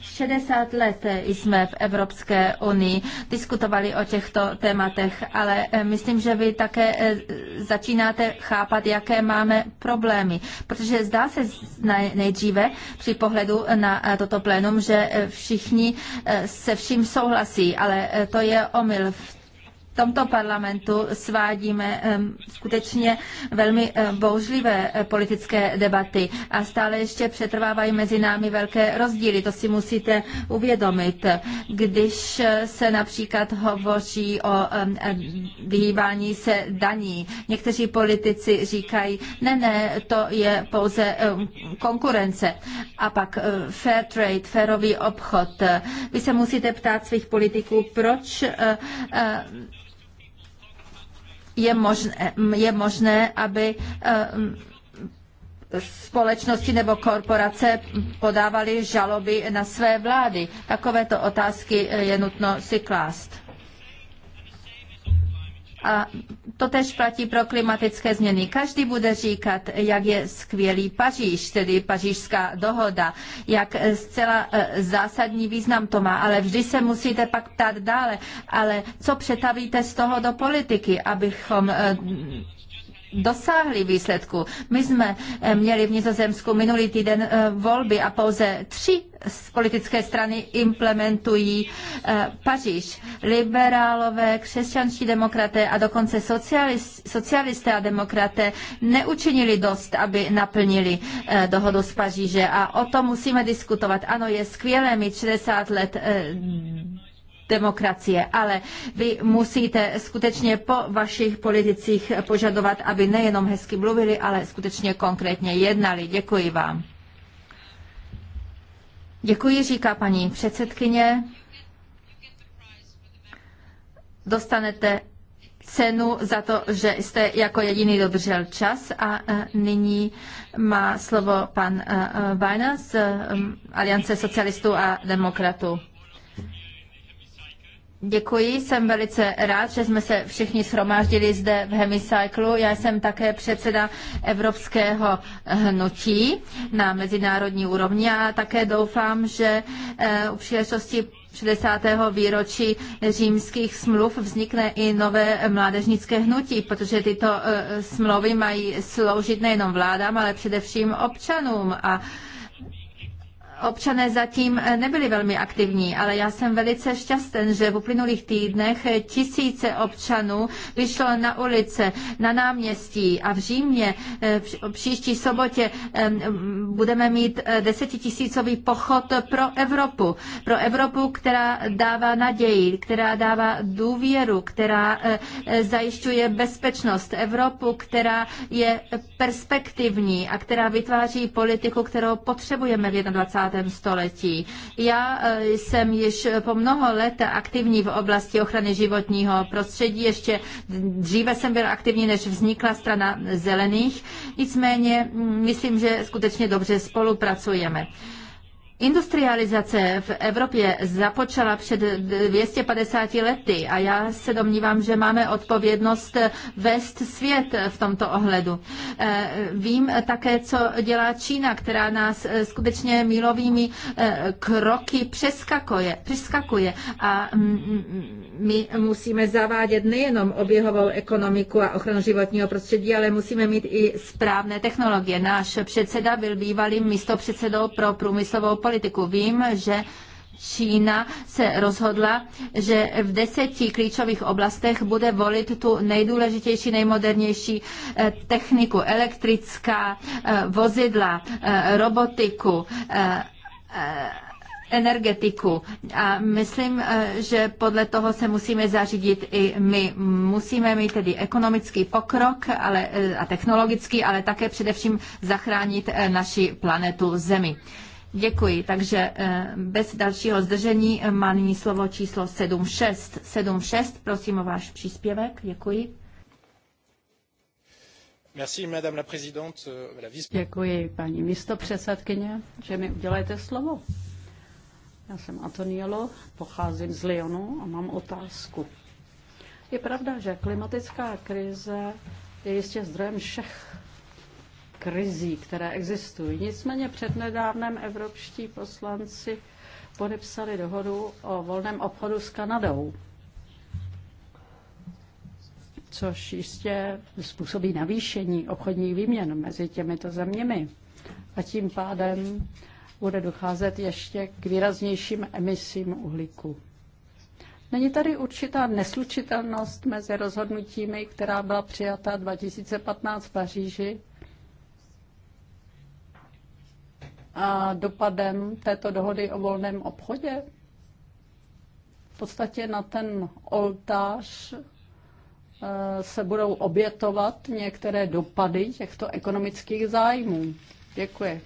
60 eh, let eh, jsme v Evropské unii diskutovali o těchto tématech, ale eh, myslím, že vy také začínáte chápat, jaké máme problémy, protože zdá se nejdříve při pohledu na toto plénum, že všichni se vším souhlasí, ale to je omyl v tomto parlamentu svádíme skutečně velmi bouřlivé e, politické debaty a stále ještě přetrvávají mezi námi velké rozdíly. To si musíte uvědomit. Když se například hovoří o e, vyhýbání se daní, někteří politici říkají, ne, ne, to je pouze konkurence. A pak e, fair trade, férový obchod. Vy se musíte ptát svých politiků, proč je možné, je možné aby eh, společnosti nebo korporace podávaly žaloby na své vlády. Takovéto otázky eh, je nutno si klást. A to tež platí pro klimatické změny. Každý bude říkat, jak je skvělý Paříž, tedy pařížská dohoda, jak eh, zcela eh, zásadní význam to má, ale vždy se musíte pak ptát dále, ale co přetavíte z toho do politiky, abychom eh, dosáhli výsledku. My jsme eh, měli v Nizozemsku minulý týden eh, volby a pouze tři politické strany implementují eh, Paříž. Liberálové, křesťanští demokraté a dokonce socialisté a demokraté neučinili dost, aby naplnili dohodu z Paříže. A o tom musíme diskutovat. Ano, je skvělé mít 60 let demokracie, ale vy musíte skutečně po vašich politicích požadovat, aby nejenom hezky mluvili, ale skutečně konkrétně jednali. Děkuji vám. Děkuji, říká paní předsedkyně. Dostanete cenu za to, že jste jako jediný dodržel čas a e, nyní má slovo pan e, e, Vajna z Aliance socialistů a demokratů. Děkuji, jsem velice rád, že jsme se všichni shromáždili zde v Hemicyclu. Já jsem také předseda Evropského hnutí na mezinárodní úrovni a také doufám, že eh, u příležitosti 60. výročí římských smluv vznikne i nové mládežnické hnutí, protože tyto eh, smlouvy mají sloužit nejenom vládám, ale především občanům a občané zatím eh, nebyli velmi aktivní, ale já jsem velice šťastný, že v uplynulých týdnech eh, tisíce občanů vyšlo na ulice, na náměstí a v Římě eh, v příští sobotě budeme mít desetitisícový pochod pro Evropu. Pro Evropu, která dává naději, která dává důvěru, která zajišťuje bezpečnost. Evropu, která je perspektivní a která vytváří politiku, kterou potřebujeme v 21 století. Já e, jsem již po mnoho let aktivní v oblasti ochrany životního prostředí. Ještě dříve jsem byl aktivní, než vznikla strana zelených. Nicméně myslím, že skutečně dobře spolupracujeme. Industrializace v Evropě započala před 250 lety a já se domnívám, že máme odpovědnost vést svět v tomto ohledu. Eh, vím také, co dělá Čína, která nás eh, skutečně milovými eh, kroky přeskakuje, přeskakuje a mm, mm, my musíme zavádět nejenom oběhovou ekonomiku a ochranu životního prostředí, ale musíme mít i správné technologie. Náš předseda byl bývalým místopředsedou pro průmyslovou politiku. Vím, že Čína se rozhodla, že v deseti klíčových oblastech bude volit tu nejdůležitější, nejmodernější eh, techniku, elektrická eh, vozidla, eh, robotiku, energetiku. A myslím, že podle toho se musíme zařídit i my. Musíme mít tedy ekonomický pokrok ale, a technologický, ale také především zachránit naši planetu Zemi. Děkuji. Takže eh, bez dalšího zdržení eh, má nyní slovo číslo 76. 76, prosím o váš příspěvek. Děkuji. Merci, madame la présidente, euh, la vice... Děkuji, paní místopředsedkyně, že mi uděláte slovo. Já jsem Antonielo, pocházím z Lyonu a mám otázku. Je pravda, že klimatická krize je jistě zdrojem všech krizí, které existují. Nicméně přednedávném evropští poslanci podepsali dohodu o volném obchodu s Kanadou, což jistě způsobí navýšení obchodních výměn mezi těmito zeměmi. A tím pádem bude docházet ještě k výraznějším emisím uhlíku. Není tady určitá neslučitelnost mezi rozhodnutími, která byla přijata 2015 v Paříži a dopadem této dohody o volném obchodě? V podstatě na ten oltář eh, se budou obětovat některé dopady těchto ekonomických zájmů. Děkuji.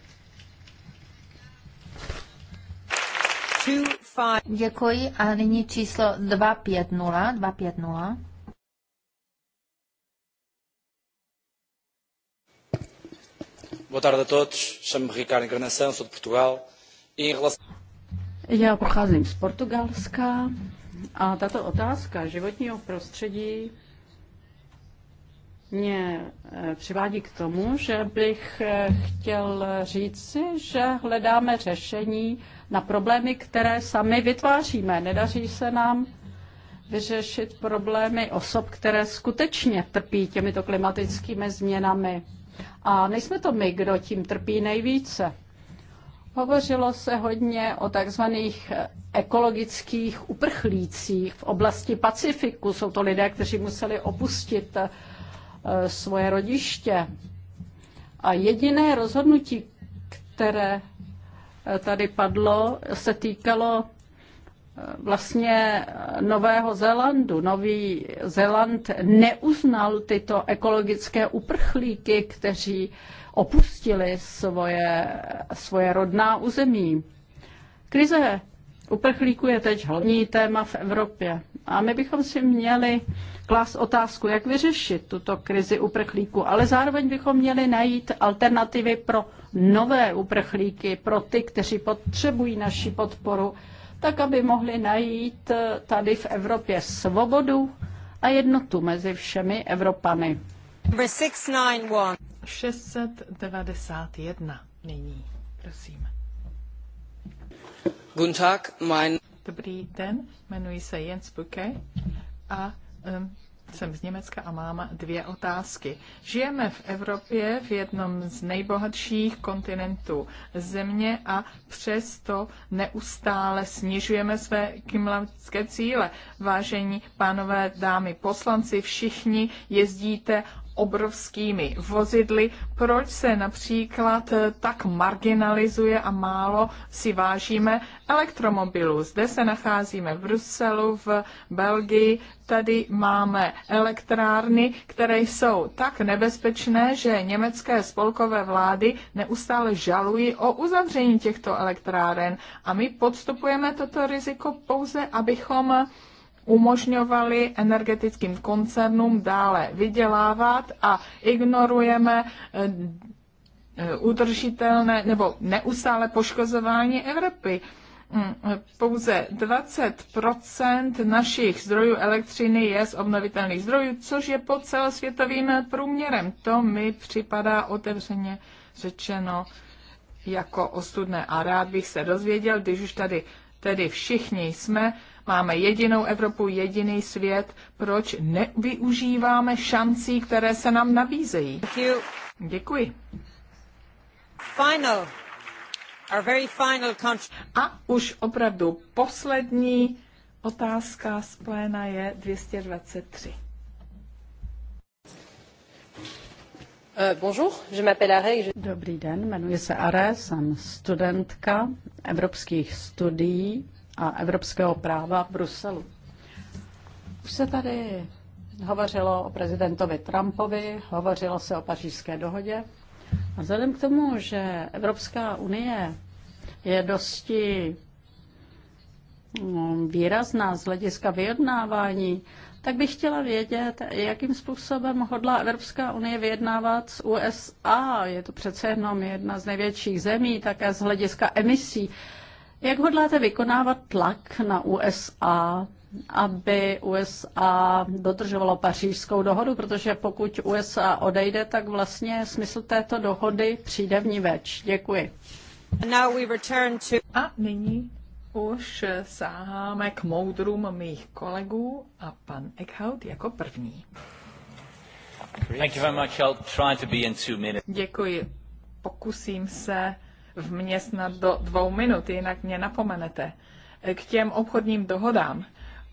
Děkuji a nyní číslo 250. 250. Boa tarde a todos. Chamo-me Ricardo Encarnação, sou de Portugal. E em relação... Já pocházím z Portugalska a tato otázka životního prostředí mě eh, přivádí k tomu, že bych eh, chtěl říci, že hledáme řešení na problémy, které sami vytváříme. Nedaří se nám vyřešit problémy osob, které skutečně trpí těmito klimatickými změnami. A nejsme to my, kdo tím trpí nejvíce. Hovořilo se hodně o takzvaných ekologických uprchlících v oblasti Pacifiku. Jsou to lidé, kteří museli opustit eh, svoje rodiště. A jediné rozhodnutí, které eh, tady padlo, se týkalo vlastně Nového Zélandu. Nový Zéland neuznal tyto ekologické uprchlíky, kteří opustili svoje, svoje rodná území. Krize uprchlíků je teď hlavní téma v Evropě. A my bychom si měli klást otázku, jak vyřešit tuto krizi uprchlíků, ale zároveň bychom měli najít alternativy pro nové uprchlíky, pro ty, kteří potřebují naši podporu tak aby mohli najít eh, tady v Evropě svobodu a jednotu mezi všemi Evropany. 691. nyní, prosím. Guten Tag, mein... Dobrý den, jmenuji se Jens Buke a um, jsem z Německa a mám dvě otázky. Žijeme v Evropě, v jednom z nejbohatších kontinentů země a přesto neustále snižujeme své klimatické cíle. Vážení pánové, dámy, poslanci, všichni jezdíte obrovskými vozidly, proč se například eh, tak marginalizuje a málo si vážíme elektromobilů. Zde se nacházíme v Bruselu, v Belgii, tady máme elektrárny, které jsou tak nebezpečné, že německé spolkové vlády neustále žalují o uzavření těchto elektráren a my podstupujeme toto riziko pouze, abychom umožňovali energetickým koncernům dále vydělávat a ignorujeme eh, eh, udržitelné nebo neustále poškozování Evropy. Mm, eh, pouze 20 našich zdrojů elektřiny je z obnovitelných zdrojů, což je pod celosvětovým průměrem. To mi připadá otevřeně řečeno jako ostudné. A rád bych se dozvěděl, když už tady tedy všichni jsme, Máme jedinou Evropu, jediný svět. Proč nevyužíváme šancí, které se nám nabízejí? Děkuji. Final. Our very final A už opravdu poslední otázka z pléna je 223. Eh, Dobrý den, jmenuji se Are, jsem studentka evropských studií a evropského práva v Bruselu. Už se tady hovořilo o prezidentovi Trumpovi, hovořilo se o pařížské dohodě. A vzhledem k tomu, že Evropská unie je dosti mm, výrazná z hlediska vyjednávání, tak bych chtěla vědět, jakým způsobem hodlá Evropská unie vyjednávat s USA. Je to přece jenom jedna z největších zemí, také z hlediska emisí. Jak hodláte vykonávat tlak na USA, aby USA dodržovalo pařížskou dohodu, protože pokud USA odejde, tak vlastně smysl této dohody přijde v ní več. Děkuji. A nyní už sáháme k moudrům mých kolegů a pan Eckhout jako první. Děkuji. Pokusím se v mě snad do dvou minut, jinak mě napomenete. K těm obchodním dohodám.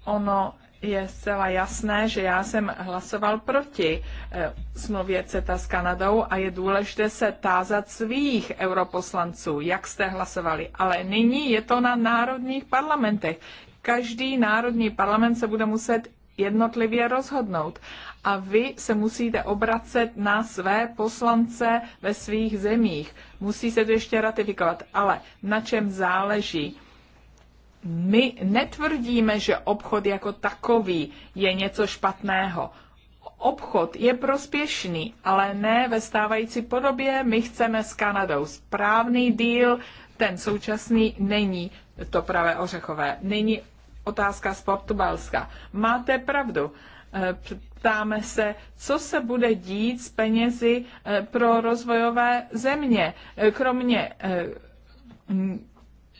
Ono je zcela jasné, že já jsem hlasoval proti eh, smlouvě CETA s Kanadou a je důležité se tázat svých europoslanců, jak jste hlasovali. Ale nyní je to na národních parlamentech. Každý národní parlament se bude muset jednotlivě rozhodnout a vy se musíte obracet na své poslance ve svých zemích. Musí se to ještě ratifikovat, ale na čem záleží? My netvrdíme, že obchod jako takový je něco špatného. Obchod je prospěšný, ale ne ve stávající podobě. My chceme s Kanadou správný díl, ten současný není to pravé ořechové. Není otázka z Portugalska. Máte pravdu. Ptáme se, co se bude dít s penězi eh, pro rozvojové země. Eh, kromě eh,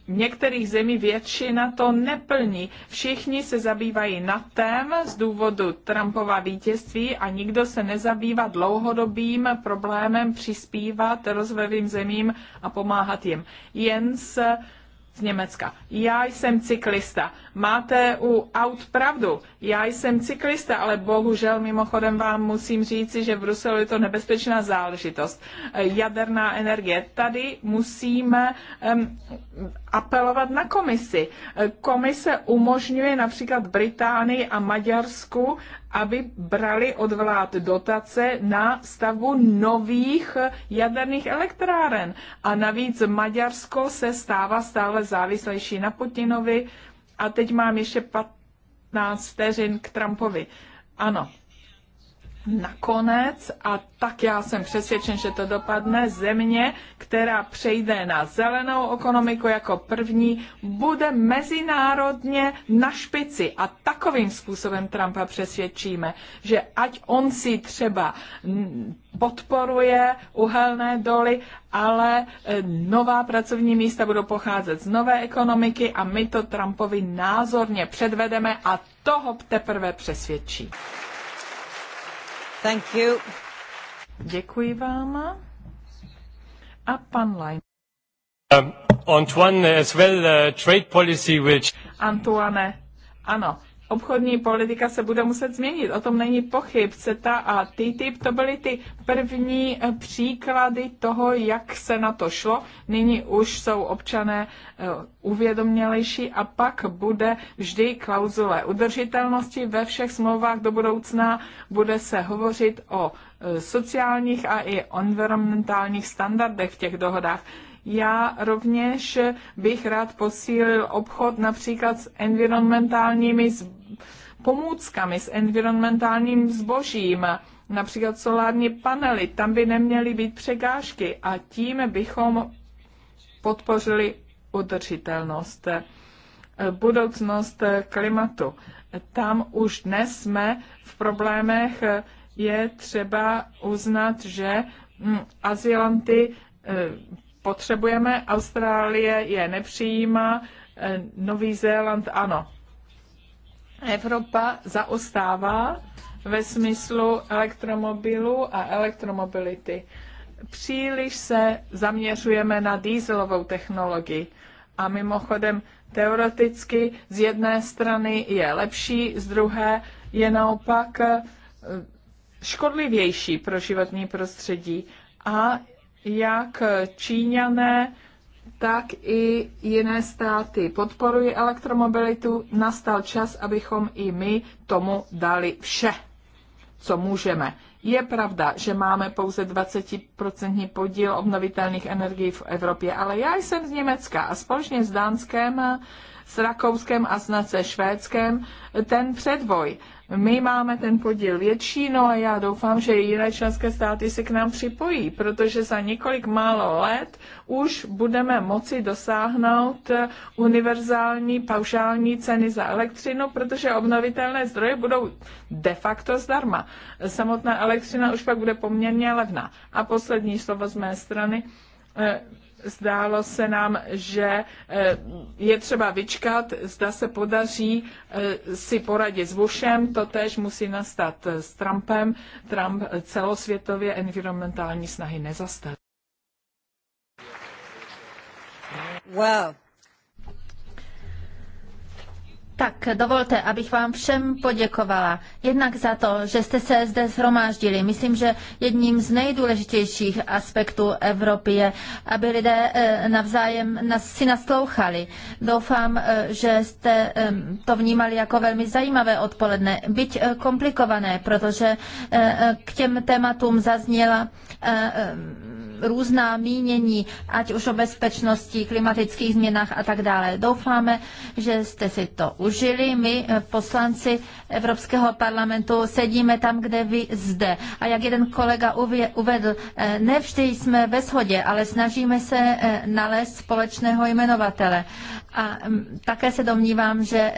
některých zemí většina to neplní. Všichni se zabývají na tém z důvodu Trumpova vítězství a nikdo se nezabývá dlouhodobým problémem přispívat rozvojovým zemím a pomáhat jim. Jen se z Německa. Já jsem cyklista. Máte u aut pravdu. Já jsem cyklista, ale bohužel mimochodem vám musím říci, že v Bruselu je to nebezpečná záležitost. Jaderná energie. Tady musíme um, apelovat na komisi. Komise umožňuje například Británii a Maďarsku aby brali od vlád dotace na stavbu nových jaderných elektráren. A navíc Maďarsko se stává stále závislejší na Putinovi. A teď mám ještě 15 vteřin k Trumpovi. Ano, nakonec, a tak já jsem přesvědčen, že to dopadne, země, která přejde na zelenou ekonomiku jako první, bude mezinárodně na špici. A takovým způsobem Trumpa přesvědčíme, že ať on si třeba podporuje uhelné doly, ale e, nová pracovní místa budou pocházet z nové ekonomiky a my to Trumpovi názorně předvedeme a toho teprve přesvědčí. Děkuji vám. A pan Lein. Um, Antoine as well, uh, trade policy which... Antoine, ano, obchodní politika se bude muset změnit. O tom není pochyb. CETA a TTIP to byly ty první eh, příklady toho, jak se na to šlo. Nyní už jsou občané eh, uvědomělejší a pak bude vždy klauzule udržitelnosti ve všech smlouvách do budoucna. Bude se hovořit o eh, sociálních a i environmentálních standardech v těch dohodách. Já rovněž bych rád posílil obchod například s environmentálními pomůckami, s environmentálním zbožím, například solární panely, tam by neměly být překážky a tím bychom podpořili udržitelnost, eh, budoucnost eh, klimatu. Tam už dnes jsme v problémech, eh, je třeba uznat, že mm, azylanty potřebujeme, Austrálie je nepřijímá, Nový Zéland ano. Evropa zaostává ve smyslu elektromobilů a elektromobility. Příliš se zaměřujeme na dýzelovou technologii. A mimochodem, teoreticky z jedné strany je lepší, z druhé je naopak eh, škodlivější pro životní prostředí. A jak Číňané tak i jiné státy podporují elektromobilitu. Nastal čas, abychom i my tomu dali vše, co můžeme. Je pravda, že máme pouze 20% podíl obnovitelných energií v Evropě, ale já jsem z Německa a společně s Dánskem, s Rakouskem a s Švédskem ten předvoj my máme ten podíl větší, no a já doufám, že jiné členské státy se k nám připojí, protože za několik málo let už budeme moci dosáhnout univerzální paušální ceny za elektřinu, protože obnovitelné zdroje budou de facto zdarma. Samotná elektřina už pak bude poměrně levná. A poslední slovo z mé strany eh, zdálo se nám, že eh, je třeba vyčkat, zda se podaří eh, si poradit s Bushem, to tež musí nastat eh, s Trumpem. Trump celosvětově environmentální snahy nezastaví. Well, tak dovolte, abych vám všem poděkovala. Jednak za to, že jste se zde zhromáždili. Myslím, že jedním z nejdůležitějších aspektů Evropy je, aby lidé eh, navzájem si naslouchali. Doufám, eh, že jste to vnímali jako velmi zajímavé odpoledne, byť eh, komplikované, protože k těm tématům zazněla různá mínění, ať už o bezpečnosti, klimatických změnách a tak dále. Doufáme, že jste si to užili. My, eh, poslanci Evropského parlamentu, sedíme tam, kde vy zde. A jak jeden kolega uvedl, eh, nevždy jsme ve shodě, ale snažíme se eh, nalézt společného jmenovatele. A mm, také se domnívám, že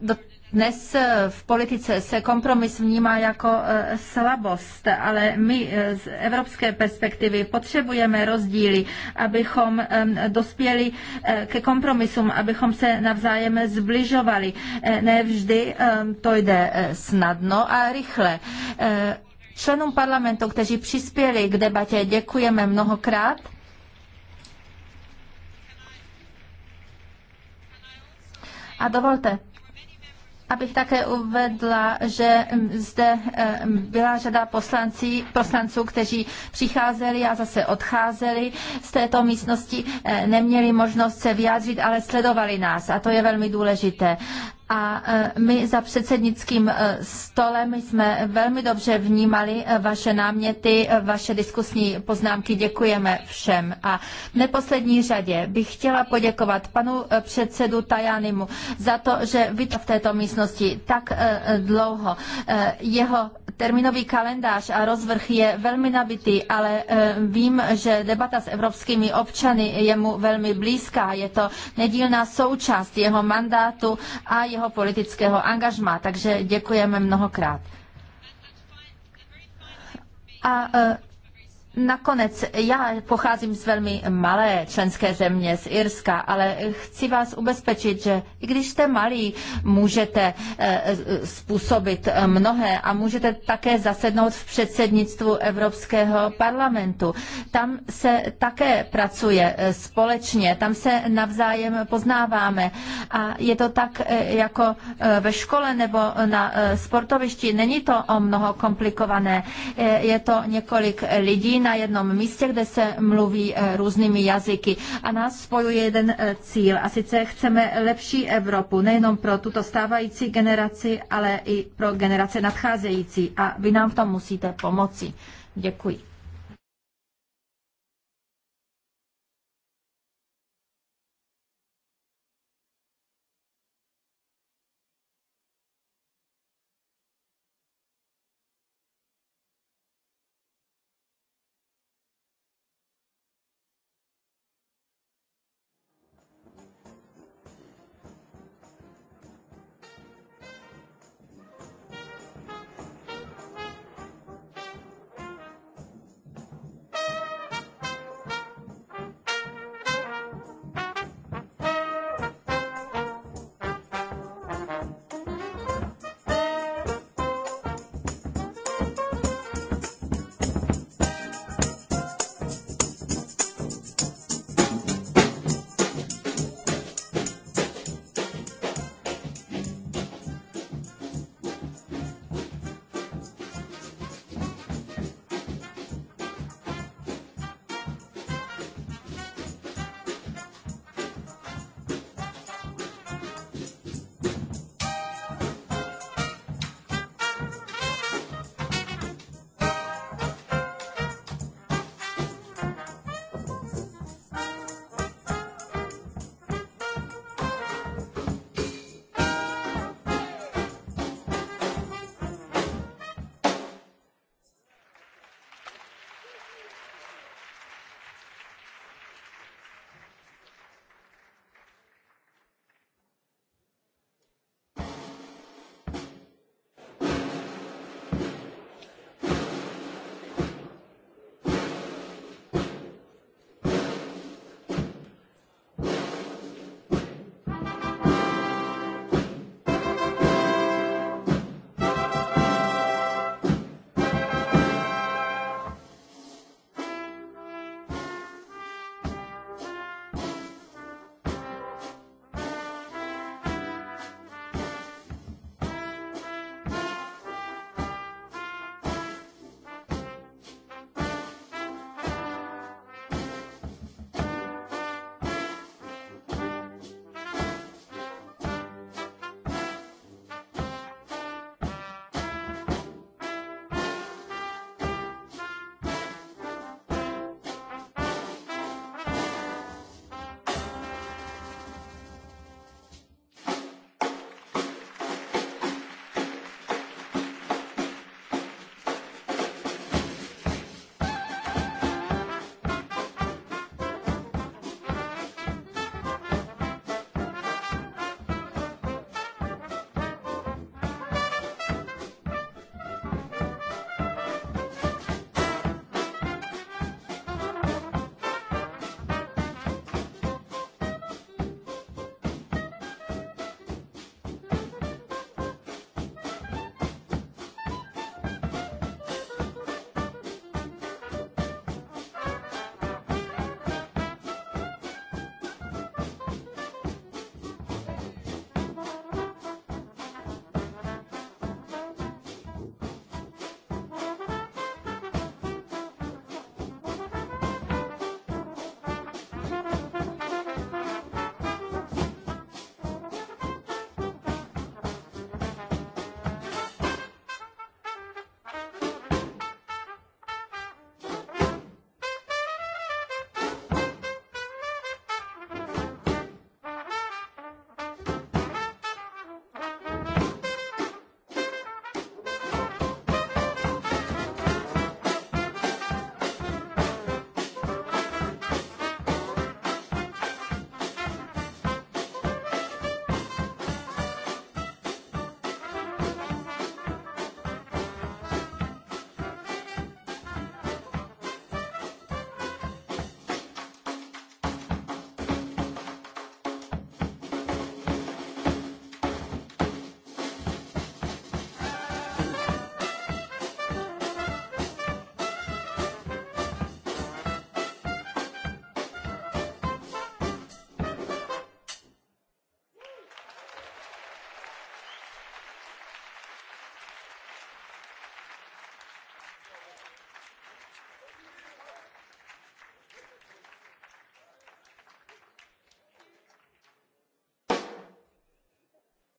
do dnes eh, v politice se kompromis vnímá jako eh, slabost, ale my eh, z evropské perspektivy potřebujeme rozdíly, abychom dospěli ke kompromisům, abychom se navzájem zbližovali. Ne vždy to jde snadno a rychle. Členům parlamentu, kteří přispěli k debatě, děkujeme mnohokrát. A dovolte, abych také uvedla, že mm, zde eh, byla řada poslancí, poslanců, kteří přicházeli a zase odcházeli z této místnosti, eh, neměli možnost se vyjádřit, ale sledovali nás a to je velmi důležité a e, my za předsednickým e, stolem jsme velmi dobře vnímali e, vaše náměty, vaše diskusní poznámky. Děkujeme všem. A v neposlední řadě bych chtěla poděkovat panu předsedu Tajanimu za to, že vy v této místnosti tak dlouho jeho Termínový kalendář a rozvrh je velmi nabitý, ale eh, vím, že debata s evropskými občany je mu velmi blízká. Je to nedílná součást jeho mandátu a jeho politického angažmá, takže děkujeme mnohokrát. A eh, Nakonec, já pocházím z velmi malé členské země, z Irska, ale chci vás ubezpečit, že i když jste malí, můžete eh, způsobit eh, mnohé a můžete také zasednout v předsednictvu Evropského parlamentu. Tam se také pracuje eh, společně, tam se navzájem poznáváme a je to tak jako ve škole nebo na sportovišti. Není to o mnoho komplikované, je to několik lidí, na jednom místě, kde se mluví eh, různými jazyky. A nás spojuje jeden eh, cíl. A sice chceme lepší Evropu, nejenom pro tuto stávající generaci, ale i pro generace nadcházející. A vy nám v tom musíte pomoci. Děkuji.